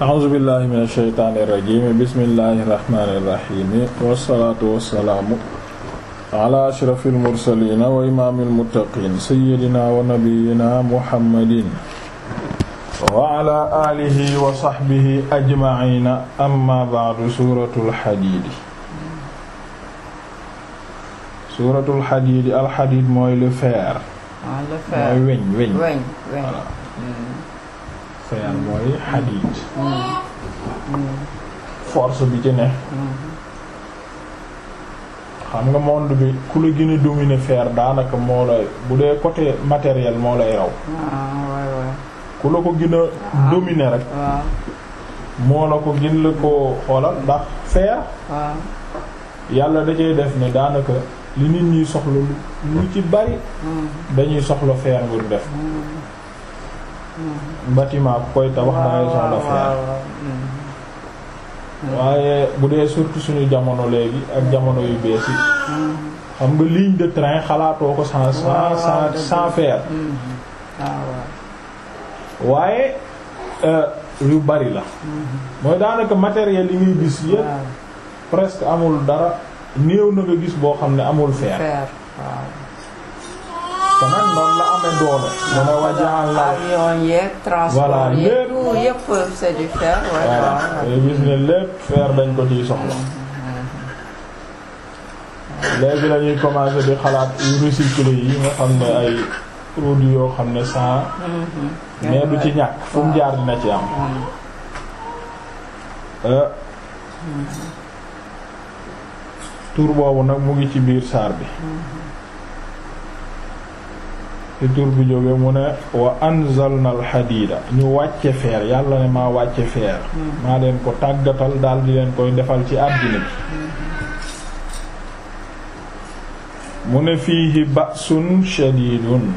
a'uuzu billahi mina shaytaani rajiim bismillahi rahmaani rahiim wassalaatu wassalaamu ala ashrafil mursaliina wa imaamil muttaqiin sayyidinaa wa nabiyyinaa muhammadin wa ala aalihi wa sahbihi ajma'iina amma ba'du suuratul hadiid suuratul hadiid al hadiid mooy ah, le fer mooy weñ weñ voilà fer mooy hadid mm. Mm. force bi ci ne mm. xam nga monde bi ku la gën a dominer daanaka moo lay bu dee côté matériel moo lay raw ah, ku la ko gën a ah. dominer rek ah. moo la ko gën la ko xoolal ndax fer yàlla da def ni daanaka li nit ñi soxla lu ci bari dañuy soxla fer ngir def bâtiment koy tabax dangay soxla fer mm. waaye bu dee surtout suñu jamono léegi ak jamono yu bees yi mm. xam nga ligne de train xalaatoo ko sans sans sans waaye euh, yu bari la mm-hmm. mooy daanaka matériel yi ngay gis yépp presque amul dara néew na gis boo xam ne amul fer te nag la amee doole. mu ne wajaal la avion yeeg transport yeeg tout yëpp c'est gis nga lépp fer dañ ko ciy soxla. léegi la commencer di xalaat recyclé yi nga xam ne ay produits yoo xam ne sans. Mm-hmm. mais du ci ñàkk fu mu jaar dina ci am. Mm-hmm. Euh, mm-hmm. tur boobu nag mu ngi ci biir saar bi. ci tur bi jóge mu ne wa anzalna alxadiida ñu wàcce feer yàlla ne maa wàcce feer maa leen ko tàggatal daal leen koy defal ci àddina bi mu ne fiihi ba'sun shadiidun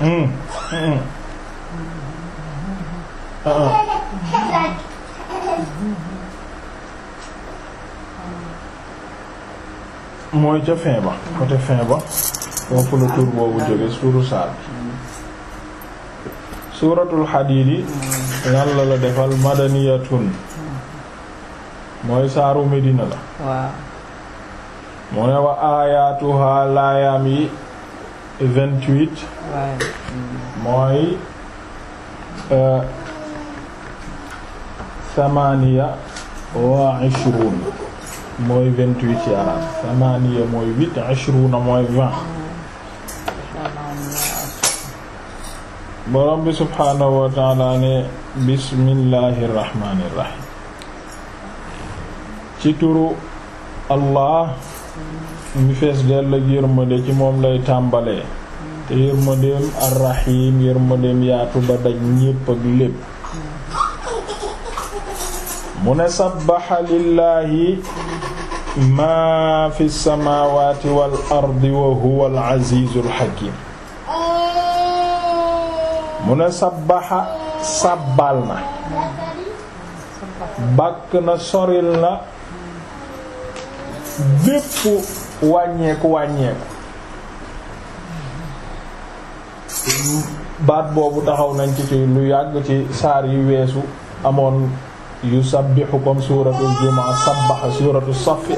mm, mm, mm. Uh-uh. mooy ca fin ba côté fin ba foofu la tur boobu jóge suuru saar suuratul xadiidi lan la defal madaniyatun mooy saaru Medina la mu ne wa aayatuha laayaam vingt-huit mooy samaniya euh, wa ishrun mooy vingt-huit ci arab samaniya mooy huit vingt borom bi subhaanahu wa taala ne bismillaahir rahmaanir rahiim ci turu allah mi fees dell ak yërmande ci moom lay tàmbalee te yërmandeem arrahim yërmandeem yaatu ba daj ñépp ak lépp mu ne sabbaxa lillaahi maa fi samaawaati wal ardi wa huwa al aziizul hakiim mu ne sabbaxa sàbbaal na bàkk na soril na bépp wàññeeku wàññeeku baat boobu taxaw nañ ci ci lu yàgg ci saar yu weesu amoon yu sabbixu comme suuratul jumaa sabbaxa suuratul safi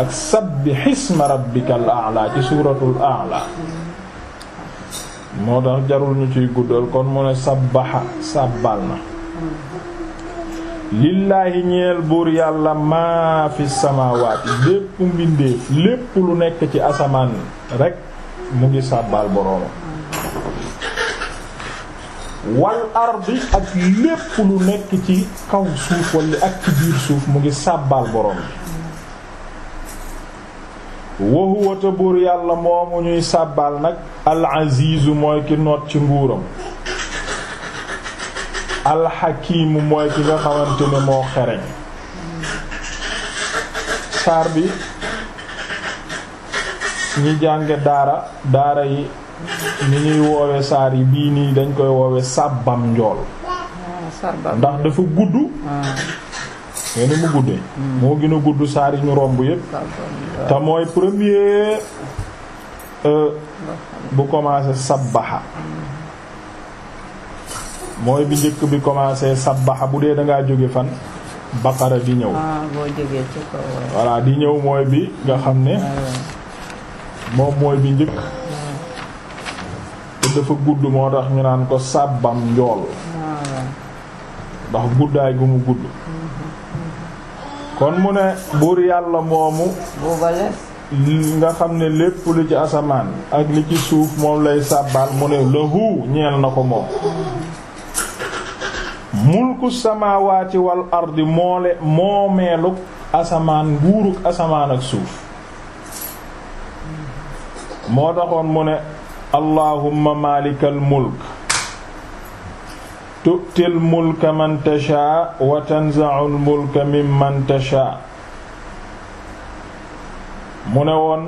ak sabbixisma rabbikal a'la ci suuratul a'la moo tax jarul ñu ciy guddal kon mu ne sabbaxa sàbbal na lillaahi ñeel buur yàlla maa fi samaawaati lépp mbindeef lépp lu nekk ci asamaan rekk mu ngi sàbbal boroomam wal ardi ak lépp lu nekk ci kaw suuf walla ak ci biir suuf mu ngi sàbbal boroom wa huwa buur yàlla moomu ñuy sàbbaal nag al-aziizu mooy ki noot ci nguuram alxakiimu mooy ki nga xamante ne moo xereñ saar bi ñi jànge daara daara yi ni ñuy woowe saar yi bii nii dañ koy woowe sàbbam njool ah, ndax dafa gudd ah. mais ni mu guddee moo gën a gudd saar yi ñu romb yépp te mooy premier euh, bu commencé sabbaxa mooy bi njëkk bi commencé sabbaxa bu dee da ngaa jóge fan baqara di ñëw ah, voilà di ñëw mooy bi nga xam ne ah, moom mooy bi njëkk ah. te dafa gudd moo tax ñu naan ko sàbbam njool ndax guddaay gu mu gudd hmm. kon mu ne buur yàlla moomu nga xam ne lépp lu ci asamaan ak li ci suuf moom lay sàbbaal mu ne lahu ñeel na ko moom mulku samaawaati wal ardi moole moomeeluk asamaan nguuruk asamaan ak suuf moo taxoon mu ne allahumma maalikal mulk tu'til mulka man tashaa wa tanza'ul mulka mimman tashaa mu ne woon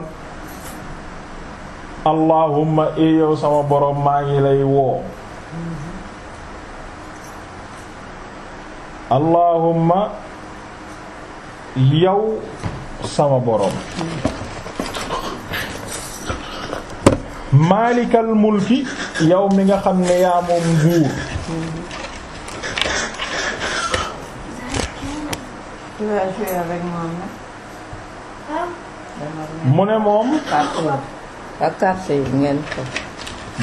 allahumma eeyow eh sama borom maa ngi lay woo allahumma yow sama boroom maalikal mulki yow mi nga xam ne yaa moom nguur mu ne moom. ak carte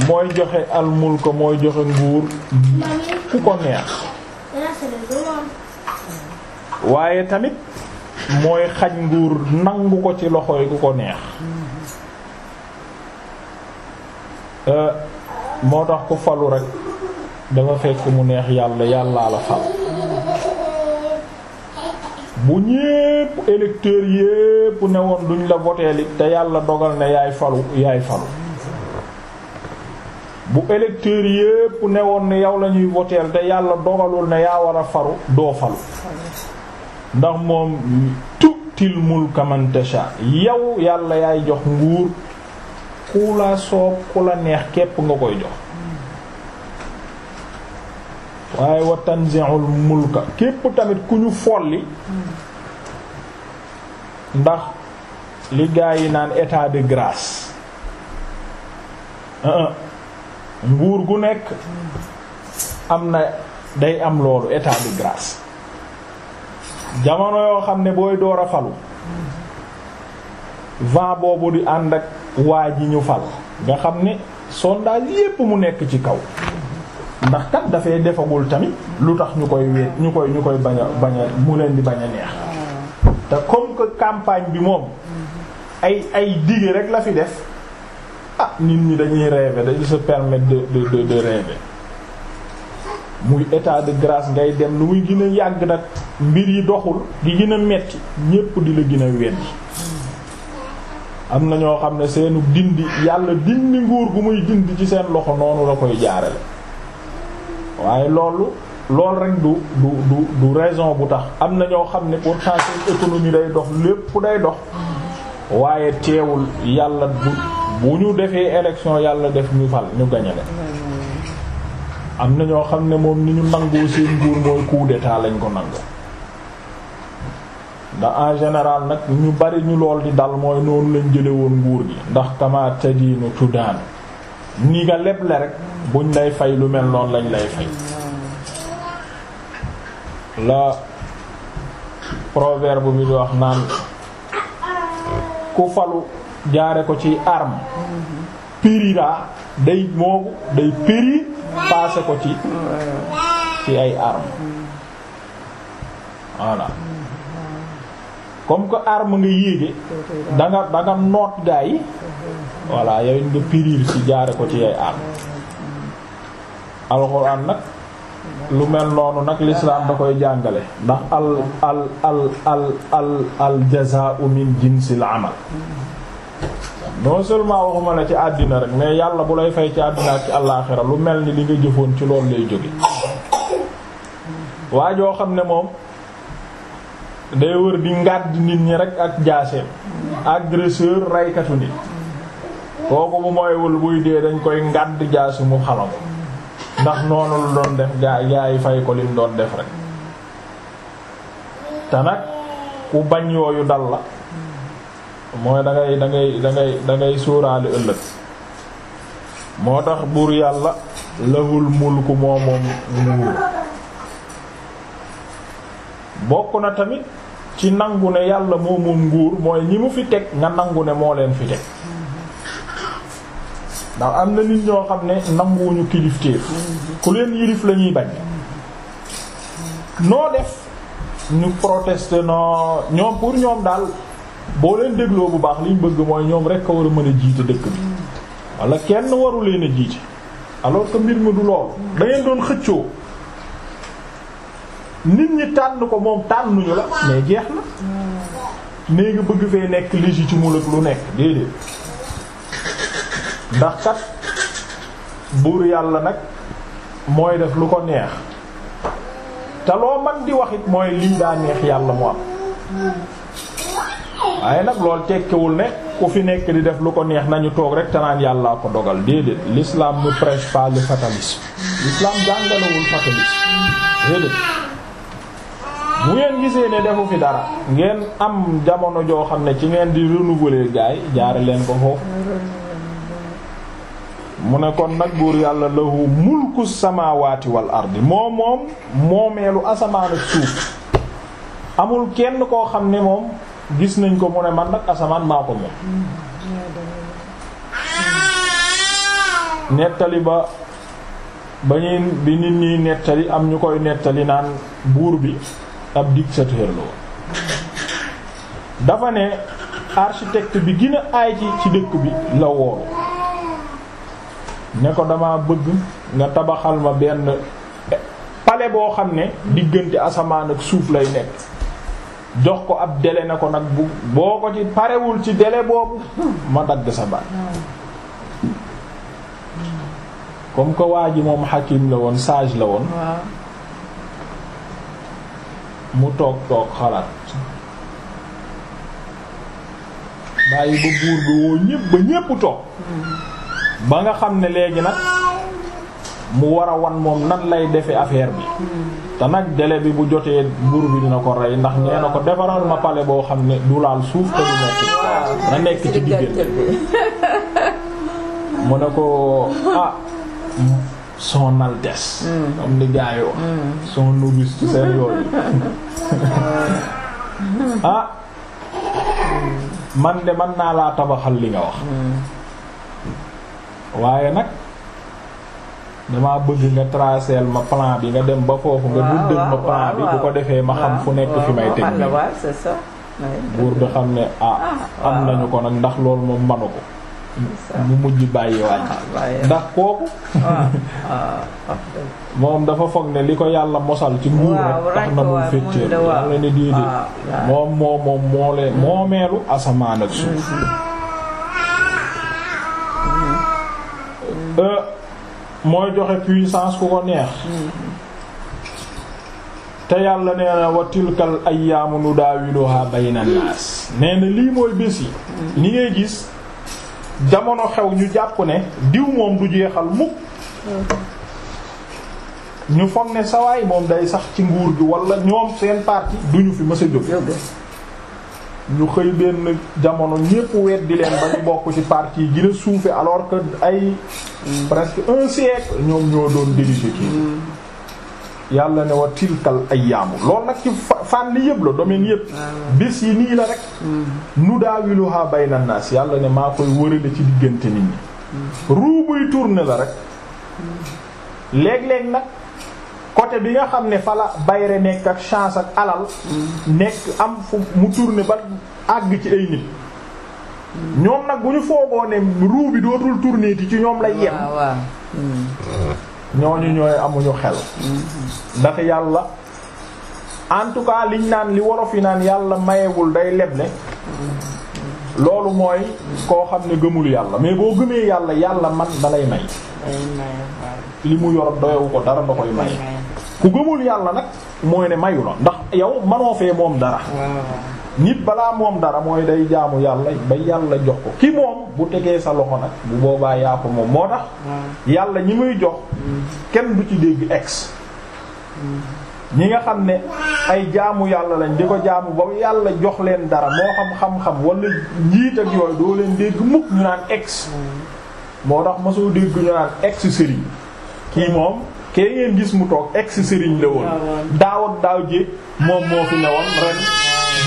mooy joxe almul ko mooy joxe nguur ku ko neex. waaye tamit mooy xaj nguur nangu ko ci loxo yi ku ko neex. Euh, moo tax ku falu rek dafa fekk mu neex yàlla yàllaa la fal. bu ñépp électeurs yépp ne woon duñ la voteeli te yàlla dogal na yaay falu yaay falu bu électeurs yépp ne woon ne yow lañuy ñuy voteel te yàlla dogalul na yaa war a falu doo falu ndax moom tutil mulka man tasha yow yàlla yaay jox nguur ku la ku la neex képp nga koy jox waaye wa tanzi'ul mulka képp tamit ku ñu folli ndax li gaa yi naan état de grâce ah, ah. nguur gu nekk am na day am loolu état de grâce jamono yoo xam ne booy door a falu vent boobu di ànd ak waa ji ñu fal nga xam ne sondage yépp mu nekk ci kaw ndax kat dafay defagul tamit lu tax ñu koy wéet ñu koy ñu koy bañ a bañ a mu leen di bañ a neex mm. te comme que campagne bi moom ay ay dige rek la fi def ah nit ñi dañuy rêver dañu se permettre de de de de muy état de grâce ngay dem lu muy gën a yàgg nag mbir yi doxul gi gën a metti ñépp di la gën a weddi am na ñoo xam ne seenu dindi yàlla dindi nguur gu muy dindi ci seen loxo noonu la koy jaarale waaye loolu loolu rek du du du du raison bu tax am na ñoo xam ne pourtant seen économie day dox lépp day dox waaye teewul yàlla bu bu ñu defee élection yàlla def ñu fal ñu gañe leen am na ñoo xam ne moom ni ñu nangoo seen nguur mooy coup d'état lañ ko nangu ndax en général nag ñu bari ñu lool di dal mooy noonu lañ jële woon nguur gi ndax kama tadiinu tudaanu ni nga leble rek buñ lay fay lu mel noonu lañ lay fay la proverbe bi di wax naan ku falu jaare ko ci arme périra day moomu day péri passé ko ci ci ay arme voilà comme que arme nga yéege da nga noot gaa yi voilà yow nga piriir ci jaare ko ci yay aat alxuraan nag lu mel noonu nag l'islam da koy jàngale ndax al al al al al al jazaa'u min jinsil amal non seulement waxuma la ci àddina rek mais yàlla bu lay fay ci àddina ak ci àllaaxira lu mel ni li nga jëfoon ci loolu lay jóge waa joo xam ne moom day wër di ngàdd nit ñi rek ak jaaseem agresseur raykatu nit kooku bu mooywul buy dee dañ koy ngàdd jaasi mu xalam ndax noonu lu doon def gaa gaa fay ko lim doon def rek te nag ku bañ yooyu dal la mooy da ngay da ngay ëllëg moo tax buur yàlla lahul mulku moo moom nguur bokk na tamit ci nangu ne yàlla moo nguur mooy ñi mu fi teg nga nangu ne moo leen fi teg ndax am na nit ñoo xam ne nanguwuñu kilifteef ku leen yilif la bañ noo def ñu protester non ñoom pour ñoom daal boo leen dégloo bu baax liñ bëgg mooy ñoom rekk a war a mën a jiite dëkk bi wala kenn waru leen a jiite alors que mbir mi du lool da doon xëccoo nit ñi tànn ko moom tànnuñu la mais jeex na mm. mais nga bëgg fee nekk mu ak lu nekk déedéet. ndax kat buur yàlla nag mooy def lu ko neex te loo man di wax it mooy liñ daa neex yàlla mu am waaye nag lool tekkiwul ne ku fi nekk di def lu ko neex nañu toog rek te naan yàllaa ko dogal déedéet lislaam ne prêche pas le fatalisme l'islam jàngalewul fatalisme déedéet bu ngeen gisee ne defu fi dara ngeen am jamono joo xam ne ci ngeen di renouveler gaay jaare leen ko foofu mu ne kon nag buur yàlla lahu mulku samaawaati wal ardi moom moom moomeelu asamaan ak suuf amul kenn koo xam ne moom gis nañ ko mu ne man nag asamaan maa ko moom nettali ba ba ñuy bi nit ñiy nettali am ñu koy nettali naan buur bi ab dictateur la woon dafa ne architecte bi gën a ci ci dëkk bi la woolu ne ko dama bëgg nga tabaxal ma benn palais boo xam ne diggante asamaan ak suuf lay nekk jox ko ab délai na ko nag boo ko ci parewul ci délai boobu ma dagg sa baat comme que waa ji moom hakim la woon sage la woon mu toog toog xalaat bàyyi ba buur bi woo ñépp ñépp toog mm-hmm. ba nga xam ne léegi nag mu war a wan moom nan lay defe affaire bi te nag délai bi bu jotee buur bi dina ko rey ndax nee na ko defaral ma palais boo xam ne du laal suuf te du nekk na nekk ci diggante mu ne ko ah son altesse comme ni gaa yi wax son auguste seen yooyu ah man de man naa laa tabaxal li nga wax waaye nag dama bëgg nga traceel ma plan bi nga dem ba foofu nga duddal ma plan bi bu ko defee ma xam fu nekk fi may teg buur bi xam ne ah, ah am nañu ko nag ndax loolu moom manu ko mu mujj bàyyi ah, waay ndax kooku ah, moom dafa foog ne li ko yàlla mosal ci nguur rek tax na mu féccéer moom moo moom moo leen asamaan ak suuf mm-hmm. Euh, mooy joxe puissance ku ko neex te yàlla nee na wa tilkal ayyaamu nudaawiluhaa bayna naas nee na lii mooy bés yi ni ngay gis jamono xew ñu jàpp ne diw moom du jeexal mukk ñu foog ne sawaay moom day sax ci nguur gi walla ñoom seen parti duñu fi mësa jóg ñu xëy benn jamono ñépp di leen ba ñu bokk ci parti yi gën suufe alors que ay presque un siècle ñoom ñoo doon diriger kii yàlla ne wa tilkal ay yaamu loolu nag ci fànn yëpp la domaine yëpp ah. bis yi nii la rek hmm. nu daawiluha bay naas yàlla ne maa koy wërale ci diggante nit ñi hmm. ruu buy la rek hmm. léeg-léeg nag côté bi nga xam ne fala bayre nekk ak chance ak alal nekk am fu mu tourné ba àgg ci ay nit ñoom nag bu ñu foogoo ne ruu bi dootul tourné ti ci ñoom lay yem hmm. ñu ñooy amuñu xel hmm. ndax yàlla en tout cas liñ naan li wolof fi naan yàlla mayewul day leble hmm. loolu mooy koo xam ne gëmul yàlla mais boo gëmee yàlla yàlla man da lay may li mu yor doyewu ko dara da koy may ku gëmul yàlla nag mooy ne mayu la ndax yow manoo fee moom dara nit balaa moom dara mooy day jaamu yàlla ba yàlla jox ko ki moom bu tegee sa loxo nag bu boobaa yaa moom moo tax yàlla ñi muy jox mm. kenn bu ci dégg ex mm. ñi nga xam ne ay jaamu yàlla lañ di ko jaamu ba yàlla jox leen dara moo xam xam-xam wala njiit ak yooyu doo leen dégg mukk ñu naan ex mm. moo tax mosoo dégg ñu naan ex sëriñ kii moom kee ngeen gis mu toog ex sëriñ la woon ah, daaw ak daaw jéeg moom moo fi newoon ren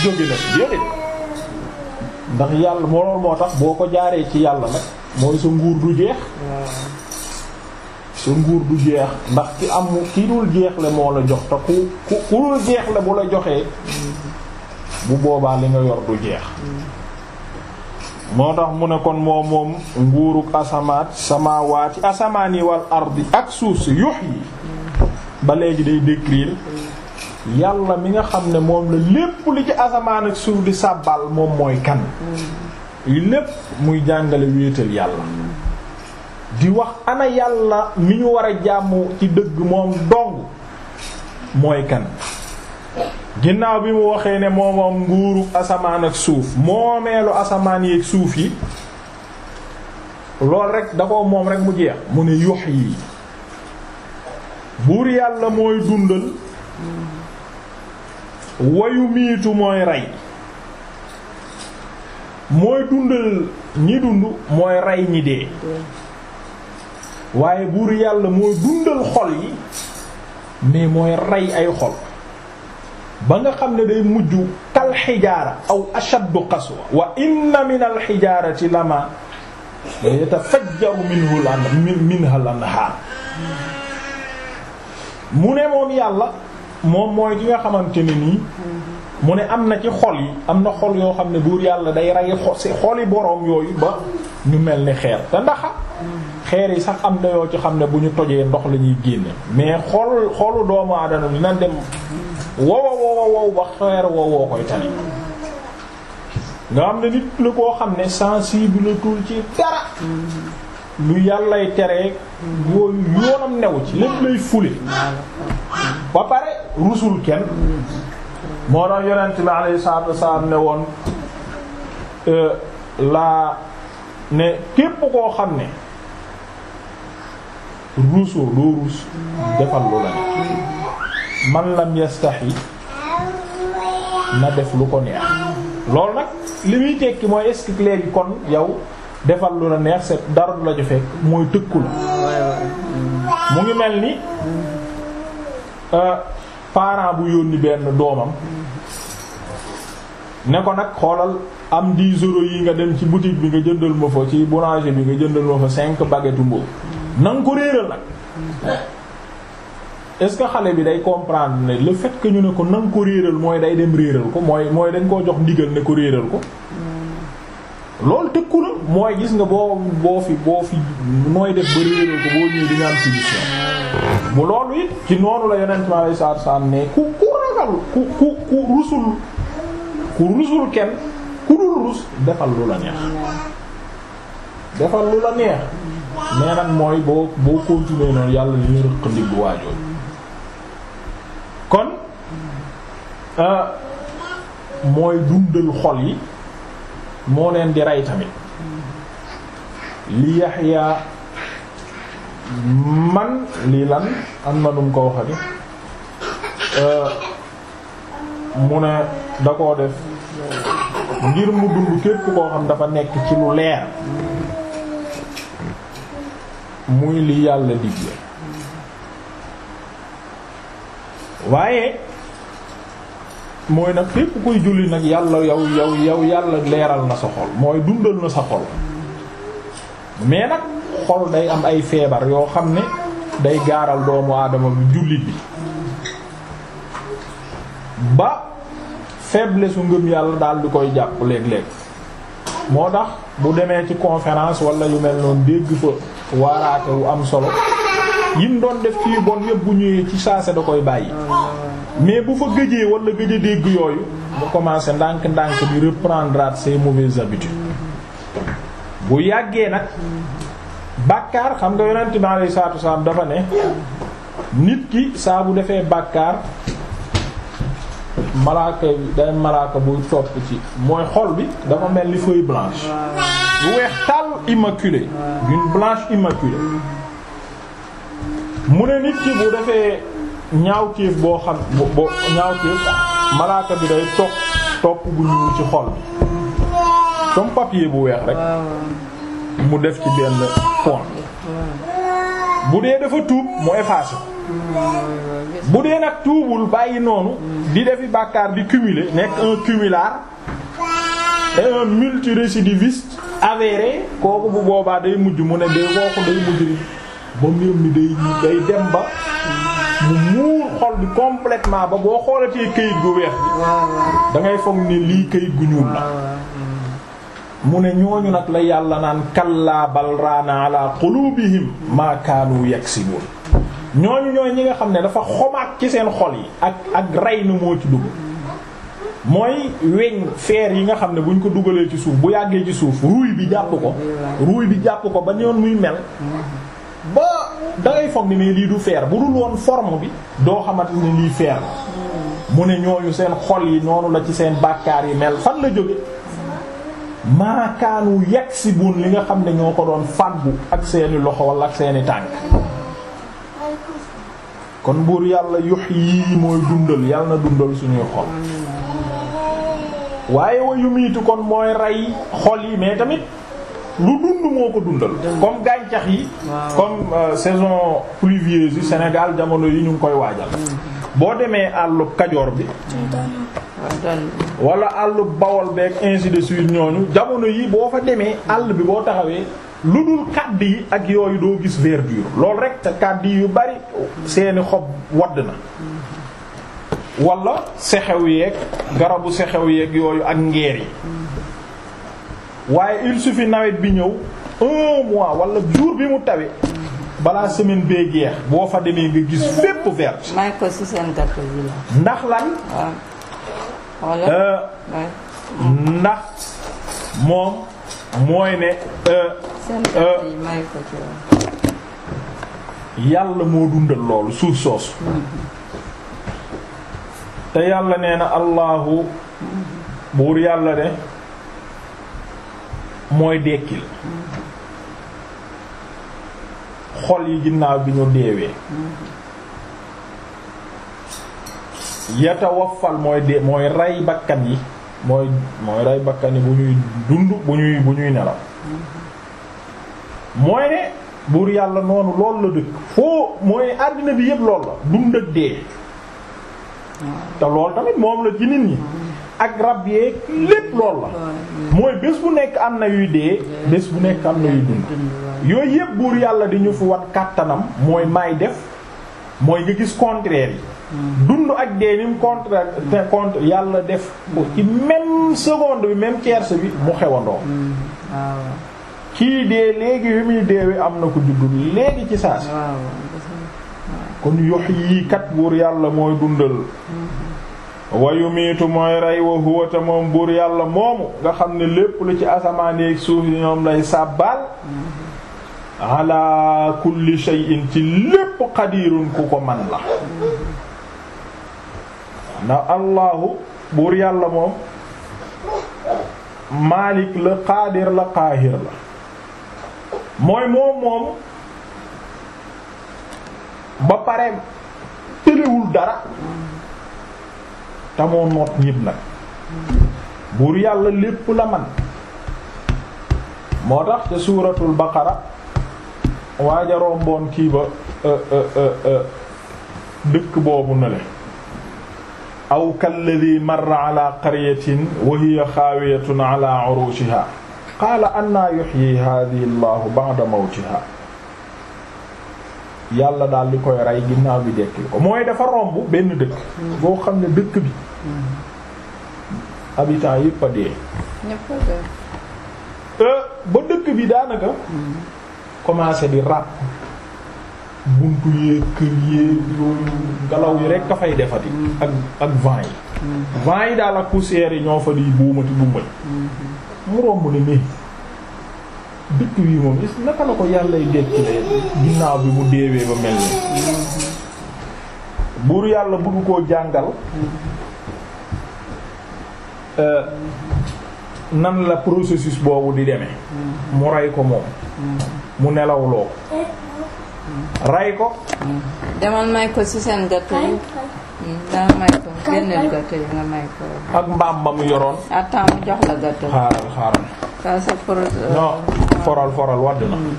jóge na déedéet ndax yàlla moo loolu moo tax boo ko jaaree ci yàlla nag mooy sa nguur du jeex sa nguur du jeex ndax ci am ki dul jeex la moo la jox te ku ku ku dul jeex la bu la joxee bu boobaa li nga yor du jeex mm. moo tax mu ne kon moom moom nguuruk asamaat samaawaati asamaan yi wal ardi ak suuf si yox yi ba léegi day décrire yàlla mi nga xam ne moom la lépp li ci asamaan ak suuf di sàbbal moom mooy kan yi lépp muy jàngale wéetal yàlla di wax ana yàlla mi ñu war a jàmm ci dëgg moom dong mooy kan ginnaaw bi mu waxee ne moomoom nguuru asamaan ak suuf moomeelu asamaan yi ak suuf yi lool rek da moom rekk mu jeex mu ne yox yi buur yàlla mooy dundal wayu miitu mooy rey mooy dundal ñi dund mooy rey ñi dee waaye buur yàlla mooy dundal xol yi mais mooy rey ay xol ba nga xam ne day mujj kal xijaara aw ashaddu qaswa wa inna min al xijaarati lama yatafajjaru minhu lan minha al anhaar mu ne moom yàlla moom mooy ki nga xamante ne nii mu ne am na ci xol yi am na xol yoo xam ne buur yàlla day rey xoli boroom yooyu ba ñu mel ni xeer te ndax xeer yi sax am na yoo ci xam ne bu ñu tojee ndox la ñuy génne mais xol xolu doomu aadama bi dem wow wow wow ba xeer wow wow koy tane nga xam ne nit la koo xam ne sensible tul ci dara lu yàllay tere yooyu yoonam new ci lépp lay fule ba pare rusul kenn moo tax yonent woon euh, laa ne képp koo xam ne ruusoo doo ruus defal lu la ne man la lam yastahi na def lu ko neex loolu nag li muy tekki mooy est-ce kon yow defal lu la neex c'est dara du la ju fekk mooy tëkku la mu ngi mel ni euh, parent bu yónni benn doomam ne ko nag xoolal am di euros yi nga dem ci boutique bi nga jëndal ma fa ci boulanger bi nga jëndal ma fa 5 baguettes mbo na ko réeral nag est-ce que xale bi day comprendre ne le fait que ñu ne ko nang ko réeral mooy day dem réeral ko mooy mooy dañ koo jox ndigal ne ko réeral ko hmm. loolu tëkku la mooy gis nga boo boo fi boo fi mooy def ba réeral ko boo ñëwee di nga am solution bu loolu it ci noonu la yonent mi alayhi salaatu salaam ne ku ragal ku ku ku rusul ku rusul kenn ku rus defal lu la neex defal lu la neex hmm. mais mooy boo boo continuer noonu yàlla li ñu rëq ndigg waajooju kon euh, mooy dundal xol yi moo leen di rey tamit li Yaxya man lii lan am na num ko euh, da koo def ngir mu dund képp koo xam dafa nekk ci lu leer muy li yàlla digle waaye mooy nag fépp koy julli nag yàlla yow yow yow yàlla leeral na sa xol mooy dundal na sa xol mais nag xol day am ay feebar yoo xam ne day gaaral doomu aadama bi jullit bi ba faiblesse su ngëm yàlla daal di koy jàpp léeg-léeg moo tax bu demee ci conférence wala yu mel noonu dégg fa waaraate wu am solo yim doon def ci bon yëpp bu ñëwee ci saase da koy bàyyi mais bu fa gëjee wala gëj a dégg yooyu mu commencé ndànk-ndànk bi reprendre ses mauvaises habitudes bu yàggee nag bàkkaar xam nga yonent bi alayhi salaatu dafa ne nit ki saa bu defee bàkkaar malaaka day malaaka buy topp ci mooy xool bi dama mel ni feuille blanche bu weex tàll immaculée d'une blanche immaculée mu ne nit ki bu defee ñaaw téef boo xam boo ñaaw téef malaaka bi day topp topp bu ñuul ci xol bi comme papier bu weex rek mu def ci benn fond bu dee dafa tuub mu effacé bu dee nag tuubul bàyyi noonu di defi bàkkaar di cumuler nekk un cumulard et un multirécidiviste avéré kooku bu boobaa day mujj mu ne day kooku day mujj ba mbir mi day day dem ba mu muur xol bi complètement ba boo xoolatee kayit gu weex bi da ngay foog ne lii këyit gu ñuul la mu ne ñooñu nag la yàlla naan kallaa bal raana ala qulubihim maa kaanu yaksibuun ñooñu ñooy ñi nga xam ne dafa xomaat ci seen xol yi ak ak rey na moo ci dugg mooy weñ feer yi nga xam ne buñ ko dugalee ci suuf bu yàggee ci suuf ruuy bi jàpp ko ruuy bi jàpp ko ba ñoon muy mel ba dangay foog ni mais lii du feer bu dul woon forme bi doo xamante ni lii feer la mu ne ñooñu seen xol yi noonu la ci seen bàkkaar yi mel fan la jóge maakaanu yegg si buun li nga xam ne ñoo ko doon fàggu ak seeni loxo wala ak seeni tànk kon buur yàlla yox yii mooy dundal yàlla na dundal suñuy xol waaye wa yumiitu kon mooy rey xol yi mais tamit lu dund moo ko dundal comme gàncax yi comme euh, saison pluvieuse yi Sénégal jamono yi ñu ngi koy waajal mm. boo demee àllub kajoor bi wala àllub bawol beeg ainsi de suite ñooñu jamono yi boo fa demee àll bi boo taxawee lu dul kàdd yi ak yooyu doo gis verdure loolu rek te kàdd yi yu bari seeni xob wadd na wala sexew yeeg garabu sexew yeeg yooyu ak ngeer yi waaye il suffit nawet bi ñëw un mois bi mu tawee balaa semaine bee jeex boo fa demee nga gis fépp vert. maa ci seen gàttal bi ndax lan. Euh, ndax moom mooy ne. Euh, euh, yàlla moo dundal loolu suuf soosu. Mm-hmm. te yàlla nee Allahu. buur yàlla de. mooy dekkil xol yi ginnaaw bi ñu deewee yatawaffal mooy dee mooy rey bakkan yi mooy mooy rey bakkan yi bu ñuy dund bu ñuy bu ñuy nelaw mooy ne buur yàlla noonu loolu la dëkk foo mooy àddina bi yépp loolu la dund dee te loolu tamit moom la ci ñi ak rab yeeg lépp loolu la mooy bés bu nekk am na yuy dee bés bu nekk am na yuy dund yooyu yëpp buur yàlla di ñu fi wat kàttanam mooy maay def mooy nga gis contre yi dund ak dee ni mu contre contre yàlla def ko ci même seconde bi même tierce bi mu xewandoo kii dee léegi bi muy deewe am na ko juddu léegi ci saa si kon yox yii kat buur yàlla mooy dundal hmm. wa yumiitu mooy rey wa huwa te moom buur yàlla moomu nga xam ne lépp lu ci asamaan yeeg suuf yi ñoom lay sàbbaal ala kulli shay'in ci lépp qadirun ku ko man la ndax allahu buur yàlla moom maalik la qaadir la qaahir la mooy moom moom ba pare tëliwul dara tamoo noot ñépp nag buur yàlla lépp la man moo tax ca suuratul baqara waaja romboon kii ba euh, euh, euh, dëkk boobu na le aw kalladi marra ala qaryatin wa hiya xaawiyatun ala urushiha qaala anna yuxyi hadihi llahu ba'da mawtiha yàlla daal di koy rey ginnaaw bi dekkil ko mooy dafa romb benn dëkk boo xam ne dëkk bi Mm-hmm. habitants yëpp a dee. E, ba dëkk bi daanaka. Mm-hmm. commencé bi ràpp. buntu yee kër yee yooyu ngelaw yi rek ka fay defati. Mm-hmm. ak ak vent yi. vent yi daal ak poussière yi ñoo fa di buumati buumati. mu romb ni nii. dëkk bi moom is naka la ko yàllay dekkilee ginnaaw bi mu deewee ba mel ni buur yàlla bëgg ko jàngal Euh, nan la processus boobu di demee mu rey ko moom mu nelawloo ko rey ko demal may ko ci seen gàtt yi hmm, daa may ko génneel gàtt yi ak mbaam ba mu yoroon attends mu jox la gàtt xaaral xaaral kaa euh, foral foral wadd na hmm,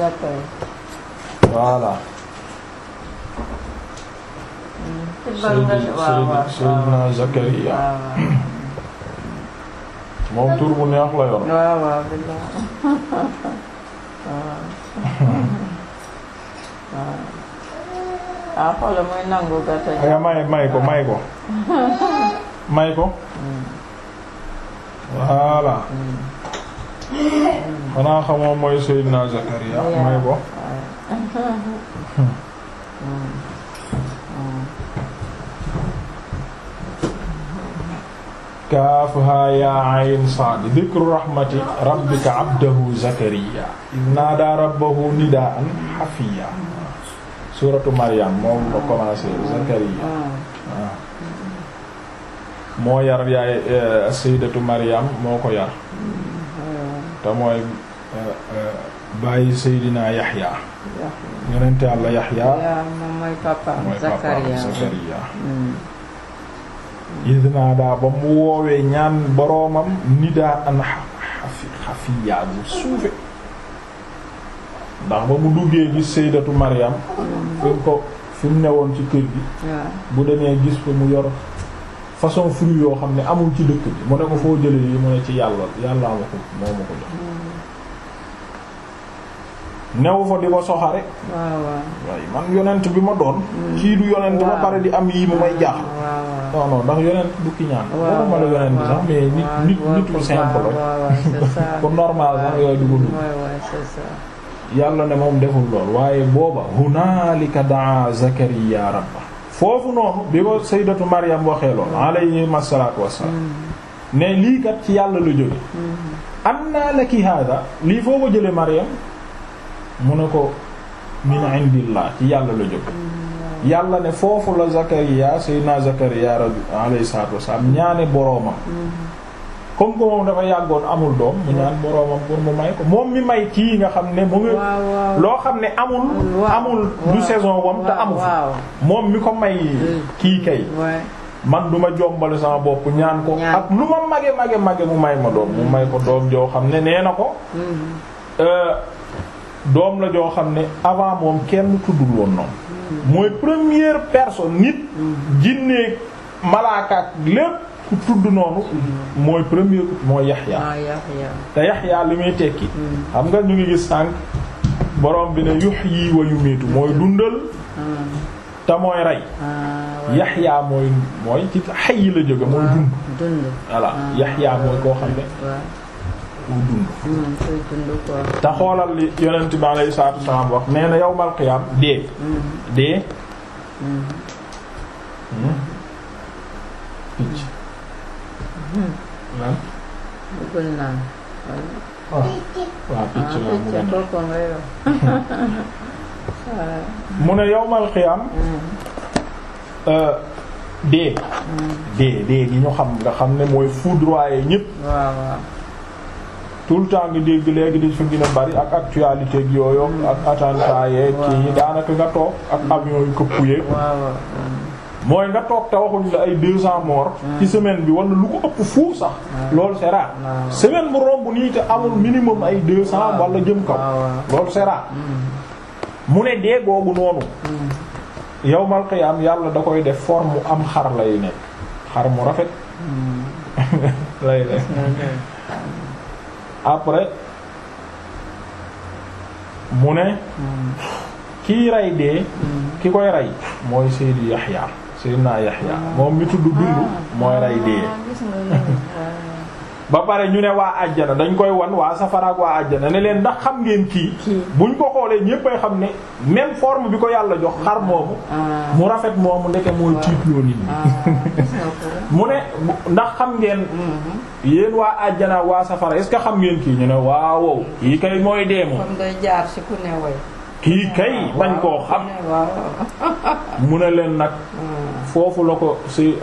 gàtt Seydina Seydina Zakaria moom tur bu neex la yor. waaw waaw ah may may ko may ko. may ko. voilà. xanaa mm. xamoo mooy Seydina Zakaria may ko. kaafha yaa ayn saad dikru rahmati rabbika abdahu zakariya id naadaa rabbahu nidaan xafiya suratu maryam moom la commencé zakariya moo yar yaay eh, sayyidatu moo ko yar te mooy eh, eh, bàyyi saydina yaxya yonente yàlla yaxya mooy papa zakariya hmm. isnaadaa ba mu woowee ñaan boroomam nidaa an xafiya bu suufe ndax ba mu duggee gis sayyidatu Maryam fi mu ko fi mu newoon ci kër gi bu demee gis ko mu yor façon fruit yoo xam ne amul ci dëkk bi mu ne ko foo jële yi mu ne ci yàlla yàllaa ma ko moo ko jox newu fa di ma soxare waaye man yonent bi ma doon kii du yonent ba pare di am yii mu may jaax ndax yonent du ñaan boobu ma la yonent bi mais nit nit nitul simple pour normal sax yooyu du ko dugg yàlla ne moom deful lool waaye booba hunaalika daa zakariya rabba foofu noonu bi ko sayyidatu maryam waxee lool alayhi salaatu wassalaam mm. ne lii kat ci yàlla lu jóge mm-hmm. annaa laki haada lii foo ko jële maryam mu ne ko min indillah ci yàlla la jóg yàlla ne foofu la Zakariya Seydina Zakariya rabbi alayhi salaatu wasalaam ñaane boroomam comme que moom dafa yàggoon amul doom mu ñaan boroomam pour mu may ko moom mi may kii nga xam ne mu ngi loo xam ne amul amul du saison wam te amu fi moom mi ko may kii kay man du ma jombale sama bopp ñaan ko ak lu ma mage mage mage mu may ma doom mu may ko doom joo xam ne nee na ko mm-hmm. euh, doom la joo xam ne avant moom kenn tuddul woon noonu mooy première personne nit jinneeg malaakaak lépp ku tudd noonu mooy premier mooy yaxya ah, te yaxya li muy tekki hmm. xam nga ñu ngi gis sànq borom bi ne yuhyi wa yumiitu mooy dundal hmm. te mooy rey ah, yaxya mooy mooy ci xay la a mooy dund ah, voilà yaxya mooy koo xam ne kuy dund te xoolal li yonent bi alayhi salaatu wassalaam wax nee na yawmal qiyaam dee mm. dee mm. Hmm? picc mm-hmm. lan bëggul ah. ah, mu ne yawmal qiyaam mm. euh, dee dee dee gi ñu xam nga xam ne mooy foudroyer ñépp waaw waaw tout le temps nga dégg léegi di fi gën a bari ak actualité ak yooyu ak attentat yeeg kii yi daanaka nga toog ak avion yu këpp yeeg. mooy nga toog te waxuñ la ay 200 morts. Hmm. ci semaine bi wala lu ko ëpp fuuf sax. Hmm. loolu c'est rare. Hmm. semaine bu romb nii te amul minimum ay 200. wala jëm kaw. loolu c'est rare. mu ne dee googu noonu. yawmal qiyaam yàlla da koy def forme am xar lay nekk xar mu rafet. lay nekk. après mu ne kii rey dee ki koy rey mooy Seydou Yaxya Seydina Yaxya ah. moom mi tudd dund ah. mooy rey dee ah, ba pare ñu ne waa àjjana dañ koy wan waa safara ak waa àjjana ne leen ndax xam ngeen kii buñ ko xoolee ñépp a xam ne même forme bi ko yàlla jox xar moomu ah. mu rafet moomu ndeke mooy tiitloo nit ñi mu ne ndax xam ngeen mm-hmm. yéen waa àjjana waa safara est-ce xam ngeen kii ñu ne waawow kii kay mooy deemu kii kay ah, bañ koo xam mu ne leen nag ah. foofu la ko si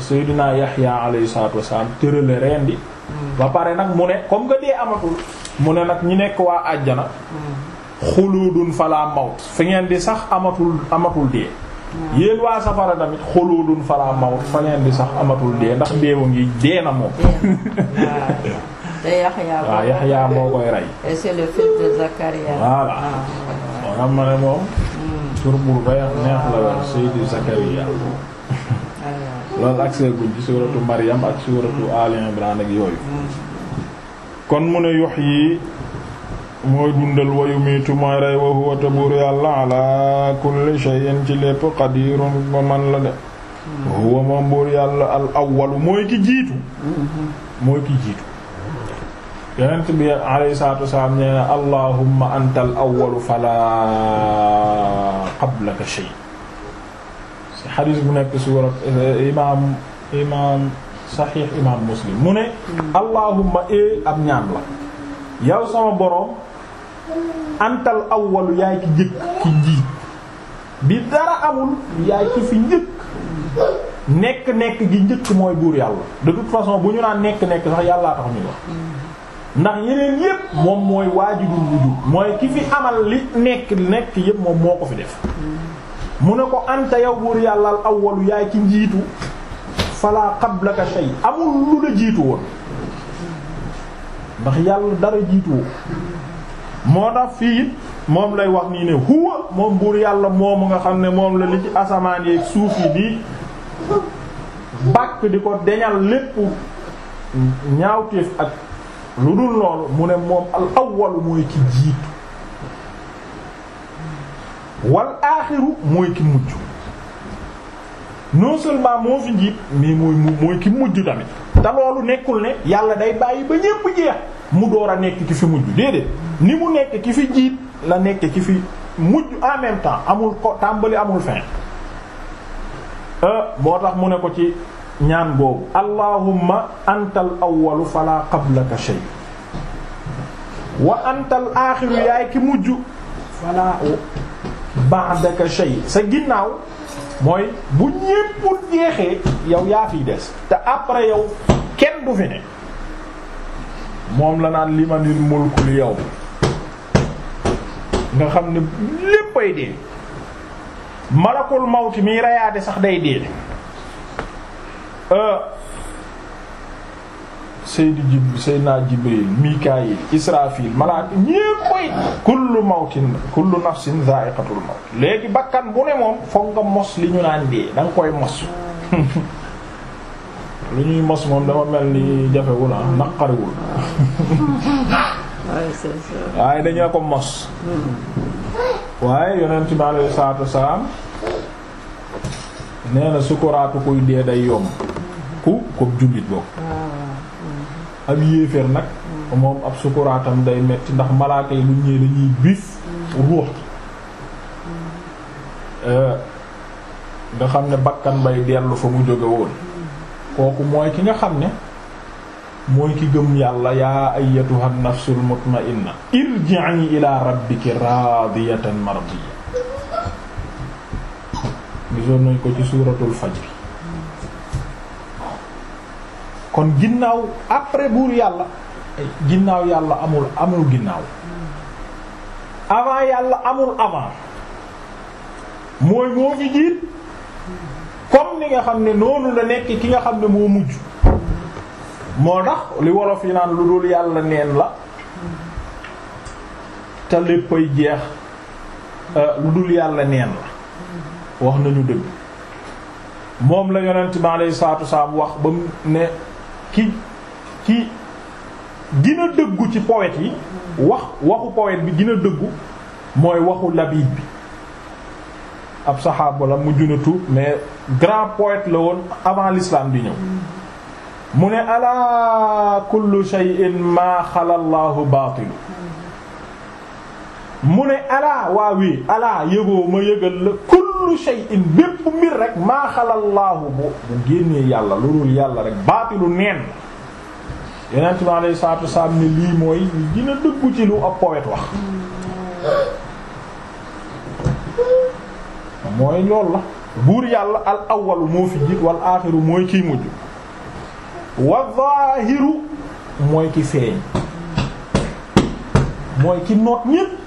Seydina Yahya alayhi salaatu wasalaam tërale rendi mm. ba pare nag mu ne comme que dee amatul mu ne nag ñi nekk waa àjjana mm. xuluudun fala mawt fi ngeen di sax amatul amatul dee mm. yéen waa safara tamit xuluudun fala mawt fa ngeen di sax amatul dee ndax deewu ngi dee na moom te Yaxya waaw moo koy rey et ah, moo xam ma ne moom tur bu reex neex la ah. war Seydi Zakaria loolu ak seeguñ ci suuratu Maryam ak suuratu Ali Imran ak yooyu kon mu ne yox mooy dundal wayu miitu mooy rey wa huwa tabuur yàlla ala kulli ci lépp qadirun ko man la de huwa moom buur yàlla al mooy ki jiitu mooy ki jiitu bi alayhi salaatu wasalaam nee na allahumma anta al awwalu fala qablaka shay xadis bu nekk surat eh, imaam imaam saxiix imaam muslim mu ne hmm. allahumma e ab ñaan la yow sama borom antal awwalu yaay ki njëkk ki njiit bi dara amul yaay ki fi njëkk nekk-nekk gi njëkk mooy buur yàlla de toute façon bu ñu naan nekk-nekk sax yàllaa tax ñu wax ndax yeneen yépp moom mooy waajidul wujud mooy ki fi amal li nekk nekk yépp moom moo ko fi def mu ne ko anta yow buur yàlla al awwalu yaay ci njiitu fala qablaka shay amul lu la jiitu woon ndax yàlla dara jiitu woon moo tax fii moom lay wax nii ne huwa moom buur yàlla moomu nga xam ne moom la li ci asamaan yeeg suuf yi di bàkk di ko deñal lépp ñaawteef ak lu dul loolu mu ne moom al mooy ki jiitu wal aaxiru mooy ki mujj non seulement moo fi njiit mais mooy mooy ki mujj tamit te loolu nekkul ne yàlla day bàyyi ba ñépp jeex mu door a nekk ki fi mujj déedéet ni mu nekk ki fi jiit la nekk ki fi mujj en même temps amul ko tàmbali amul fin boo euh, tax mu ne ko ci ñaan boobu allahumma anta al awalu fala qablaka shay wa anta al yaay ki mujj fala ba'daka shay sa ginnaaw mooy bu ñépp jeexee yow yaa fiy des te après yow kenn du fi ne moom la naan limanil mulkul yow nga xam ne léppay dee malakul mawti miy reyaade sax day dee euh, Seydi Jib Seydina Jibril Mikaayil Israafil malaaka ñépp koy kullu mawtin kullu nafsin zaa'iqatul mawt léegi bakkan bu ne moom foog nga mos li ñu naan dee da nga koy mos lu ñuy mos moom dama mel ni jafewul ah naqariwul waaye dañoo ko mos waaye yonent bi alayhi salaatu wassalaam nee na sukuraatu kuy dee day yomb ku ko jullit bokk ak yéeféer nag moom ab sukuraatam day metti ndax malaaka yi buñ ñëwee dañuy biif ruux euh, nga xam ne bakkan bay dellu fa mu jóge woon kooku mooy ki nga xam ne mooy ki gëm yàlla yaa ayyatuha nafsul mutma'inna irji'i ila rabbiki radiyatan mardiyya gisoon nañ ko ci suuratul fajr kon ginnaaw après buur yàlla ginnaaw yàlla amul amul ginnaaw avant yàlla amul avant mooy moo fi jiit comme ni nga xam ne noonu la nekk ki nga xam ne moo mujj moo tax li wolof yi naan lu dul yàlla neen la te léppay jeex euh, lu dul yàlla neen la wax nañu dëgg moom la yonent bi alayhi salaatu wassalaam wax ba ne ki ki gën dëggu ci poète yi wax waxu poète bi dina dëggu mooy waxu Labid bi ab saxaaba la mujj na tuub mais grand poète la woon avant l'islam di ñëw mu ne ala kullu shay'in ma xala baatilu mu ne alaa waawi alaa yëgoo ma yëgal la kullu shay'in bépp mbir rek maa xalallaahu bu bu génnee yàlla loolul yàlla rek baatilu neen yenent bi alayhi salaatu wasalaam ne lii mooy dina dëggu ci lu ab poète wax mooy loolu la buur yàlla al awalu moo fi jiit wal aaxiru mooy kiy mujj wa zaahiru mooy ki feeñ mooy ki noot ñépp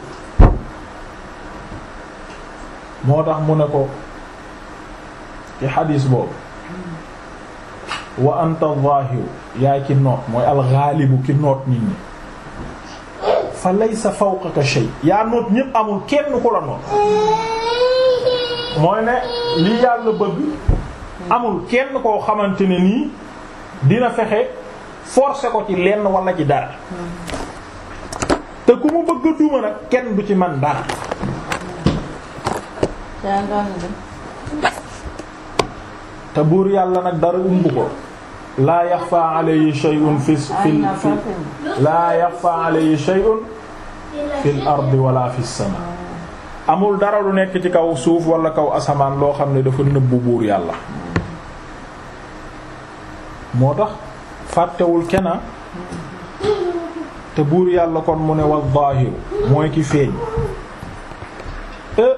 moo tax mu ne ko ci xadiis boobu wa anta zahiru yaay ki noot mooy alxaalibu ki noot nit ñi fa laysa fawqaka shay yaa noot ñépp amul kenn ku la noot mooy ne li yàlla bëgg amul kenn koo xamante ne nii dina fexe forcer ko ci lenn walla ji dara hmm. te ku mu bëgg a duma nag kenn bu ci man dara te buur yàlla nag dara umbu ko laa yaxfaa alayhi shay'un fi fi laa yaxfaa alayhi shay'un fil ardi wala fis samaa amul dara lu nekk ci kaw suuf wala kaw asamaan loo xam ne dafa nëbbu buur yàlla moo tax fàttewul kena ah. te buur yàlla kon mu ne wa zaahiru mooy ki feeñ eh,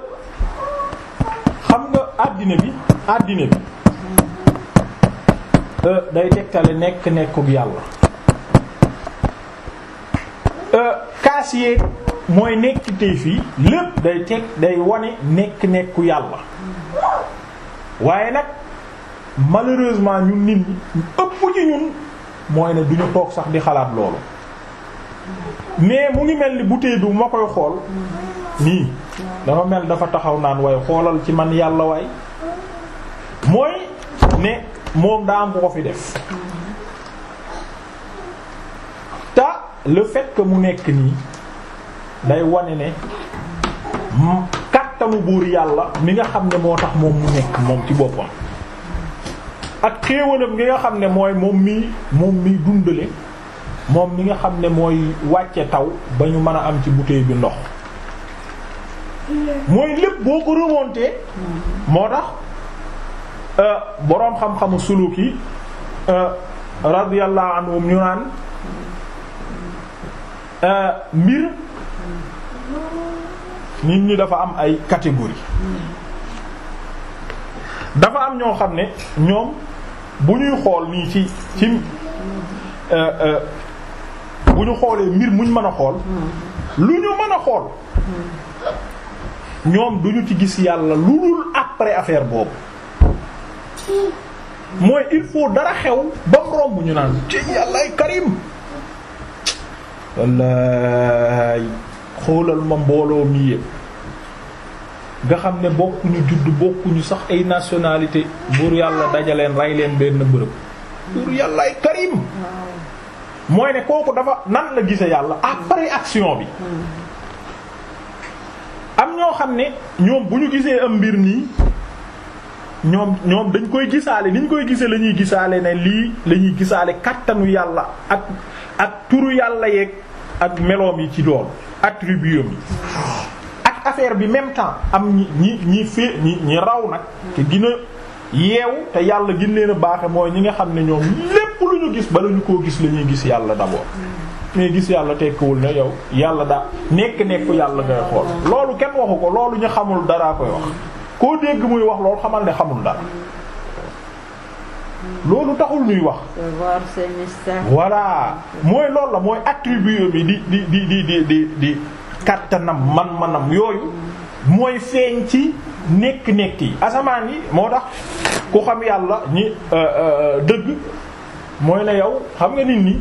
àddina bi àddina bi euh, day tegtale nekk nekkub yàlla kaas euh, mooy nekk tey fii lépp day teg day wane nekk nekku yàlla waaye nag malheureusement ñun nit ñi ëpp ci ñun mooy ne duñu toog sax di xalaat loolu mais mu ngi mel ni bouteille bi bu ma koy xool nii dafa mel dafa taxaw naan waaye xoolal ci man yàlla waay mooy ne moom daa am ko ko fi def te le fait mu nekk nii day wane ne kattamu buur yàlla mi nga xam ne moo tax moom mu nekk moom ci boppam ak xéewalam ngi nga xam ne mooy moom mi moom mi dundale moom mi nga xam ne mooy wàcce taw ba ñu mën a am ci bouteille bi ndox mooy lépp boo ko remonté moo tax euh, boroom xam-xamu suluk euh, radiyallahu anhum ñu euh, mbir nit ñi dafa am ay catégorie dafa am ñoo xam ne ñoom bu ñuy xool nii ci ci bu ñu xoolee mbir muñ mën a xool lu ñu mën a xool ñoom duñu ci gis yàlla lu dul après affaire boobu mooy il faut dara xew ba romb ñu naan ci yàllaay karim wallaay xoolal ma mbooloo mi yëpp nga xam ne bokkuñu judd bokkuñu sax ay nationalité buur yàlla dajaleen rey leen benn bërëb buur yàllaay karim mooy ne kooku dafa nan la gise yàlla après action bi hmm. am ñoo xam ne ñoom bu ñu gisee am mbir nii ñoom ñoom dañ koy gisaale ni koy gisee lañuy ñuy gisaale ne lii lañuy ñuy gisaale kattanu yàlla ak ak turu yàlla yeeg ak meloom yi ci doon attribuam yi ak affaire bi même temps am ñi ñi ñi fee ñi ñi raw nag te gën a te yàlla gin leen a baaxe mooy ñi nga xam ne ñoom lépp lu ñu gis bala ñu koo gis la ñuy gis yàlla d'abord mais gis yàlla tekkiwul ne yow yàlla daa nekk yàlla ngay loolu kenn waxu ko loolu ñu xamul daraa koy wax koo muy wax loolu xamal ne xamul dara loolu taxul ñuy wax. voilà mooy loolu di di di di di man-manam yooyu mooy feeñ ci nekk-nekk yi asamaan yi moo tax ku xam yàlla ñi euh, euh, dëgg mooy ne yow xam nga nit ñi.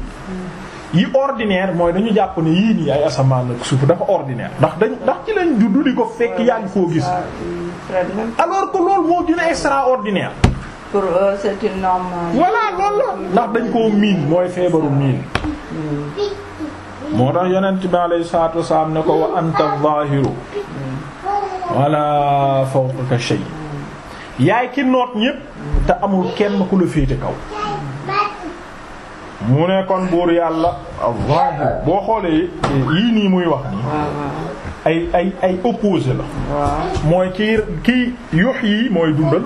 yi ordinaire mooy dañu jàpp ni yii nii ay asamaan ak suuf dafa ordinaire ndax dañ ndax ci lañ juddu di ko fekk yaa ngi koo gis. alors que loolu moo ndax dañ koo miin mooy feebaru miin. moo tax yonent bi alayhi salaatu wasalaam ne ko wa anta zaahiru wala fawqaka shay yaay ki noot ñépp te amul kenn ku la féete kaw. mu ne kon buur yàlla venge boo xoolee yii nii muy wax nii ay ay la mooy kii kii yox yi mooy dundal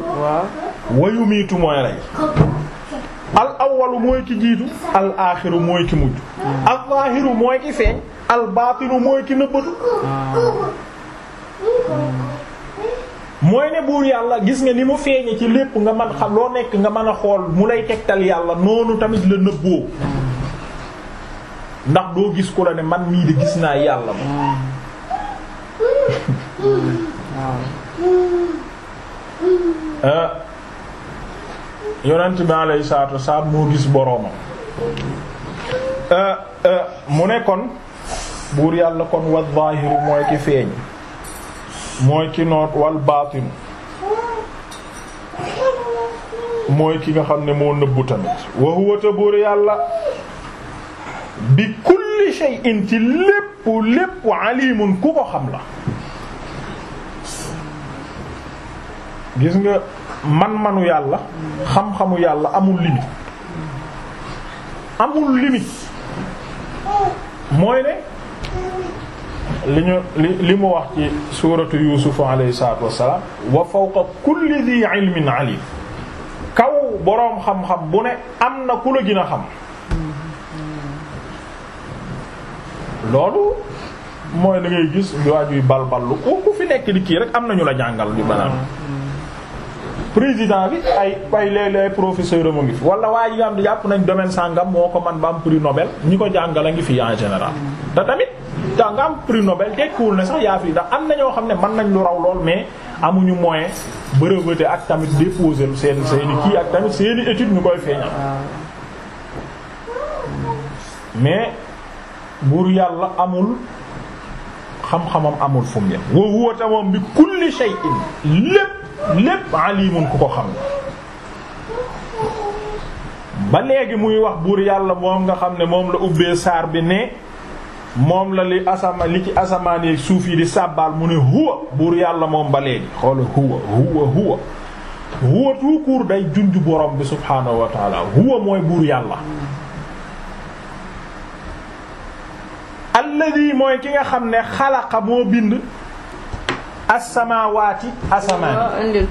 wayu miitu mooy rey al awalu mooy ki jiitu al aaxiru mooy ki mujj hmm. al zaahiru mooy ki feeñ al baatinu mooy ki nëbbatu ah. hmm. mooy ne buur yàlla gis nga ni mu feeñe ci lépp nga man xam loo nekk nga mën a xool mu lay tegtal yàlla noonu tamit la nëbboo ndax doo gis ku la ne man mii de gis naa yàlla ma ah. yonent bi alayhi salaatu wasalaam moo gis boroomam ah, ah, mu ne kon buur yàlla kon wa zaahiru mooy ki feeñ mooy ki noot wal baatin mooy ki nga xam ne moo nëbbu tamit wa huwa yàlla bi kulli shay'in ci lépp lépp alimun ku ko xam la gis nga man-manu yàlla xam-xamu yàlla amul limite amul limite mooy ne li ñu li li mu wax ci suuratu yuusufu alayhi salaatu wassalaam wa fawqa kulli dhi ilmin alim kaw boroom xam-xam bu ne am na ku la gën a xam loolu mooy la ngay gis di waajuy balballu ku ku fi nekk di kii rek am nañu la jàngal di banaan président bi ay ay léeg-léeg professeur am a ngi fi wala waa yi nga nañ domaine sàngam moo ko man ba am prix Nobel ñi ko jàngal a ngi fi en général te tamit tax nga am pris Nobel tekkiwul ne sax yaa fi ndax am na ñoo xam ne man nañ lu raw lool mais amuñu moyen breveté ak tamit déposer lu seen seeni kii ak tamit seeni étude ñu koy feeñal mais buur yàlla amul xam-xamam amul fu mu yem wa huwa bi kulli shay'in lépp lépp alimun ku ko xam ba léegi muy wax buur yàlla moom nga xam ne moom la ubbee saar bi ne moom la li asama li asamaan yi suuf yi di sàbbaal mu ne huwa buur yàlla moom ba léegi xoola huwa huwa huwa huwa tout court day junj borom bi subhaanahu wa huwa mooy buur yàlla alladi mooy ki nga xam ne xalaqa moo bind assamaawaati asamaan oh, indil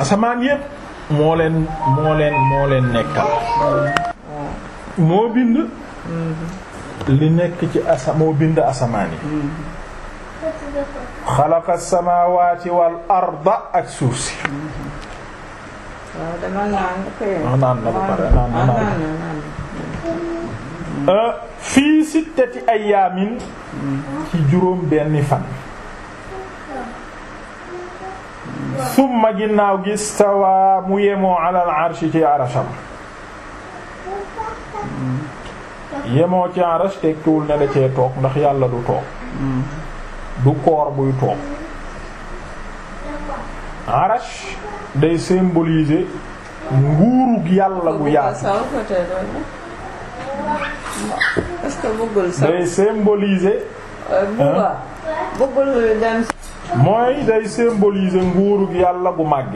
asamaan yépp moo leen moo leen moo leen nekkal hmm. moo bind Mm-hmm. li nekk ci asa moo bind asamaan yi mm-hmm. xalaqa samaawaati wal arda ak suuf si mm-hmm. waaw dama ci juróom benni fan summa ginnaaw gi stawaa mu yemoo alal arshi ci yemoo ci arash tekkiwul ne da cee toog ndax yàlla du toog du koor buy toog arash day symboliser nguurug yàlla gu yaatu day symboliser euh, mooy day symboliser nguurug yàlla gu màgg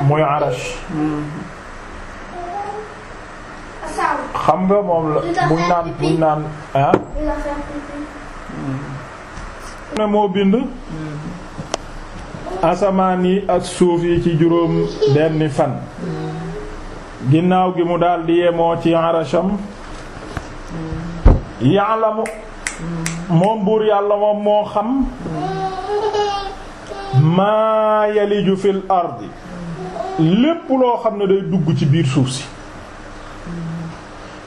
muy arash xam nga moom la mu naan buñ naan ah ne moo bind asamaan yi ak suuf yi ci juróom benni fan ginnaaw gi mu daldi yemoo ci arasham ya'lamu moom buur yàlla moom moo xam mm. maa yaliju fil ardi lépp loo xam ne day dugg ci biir suuf si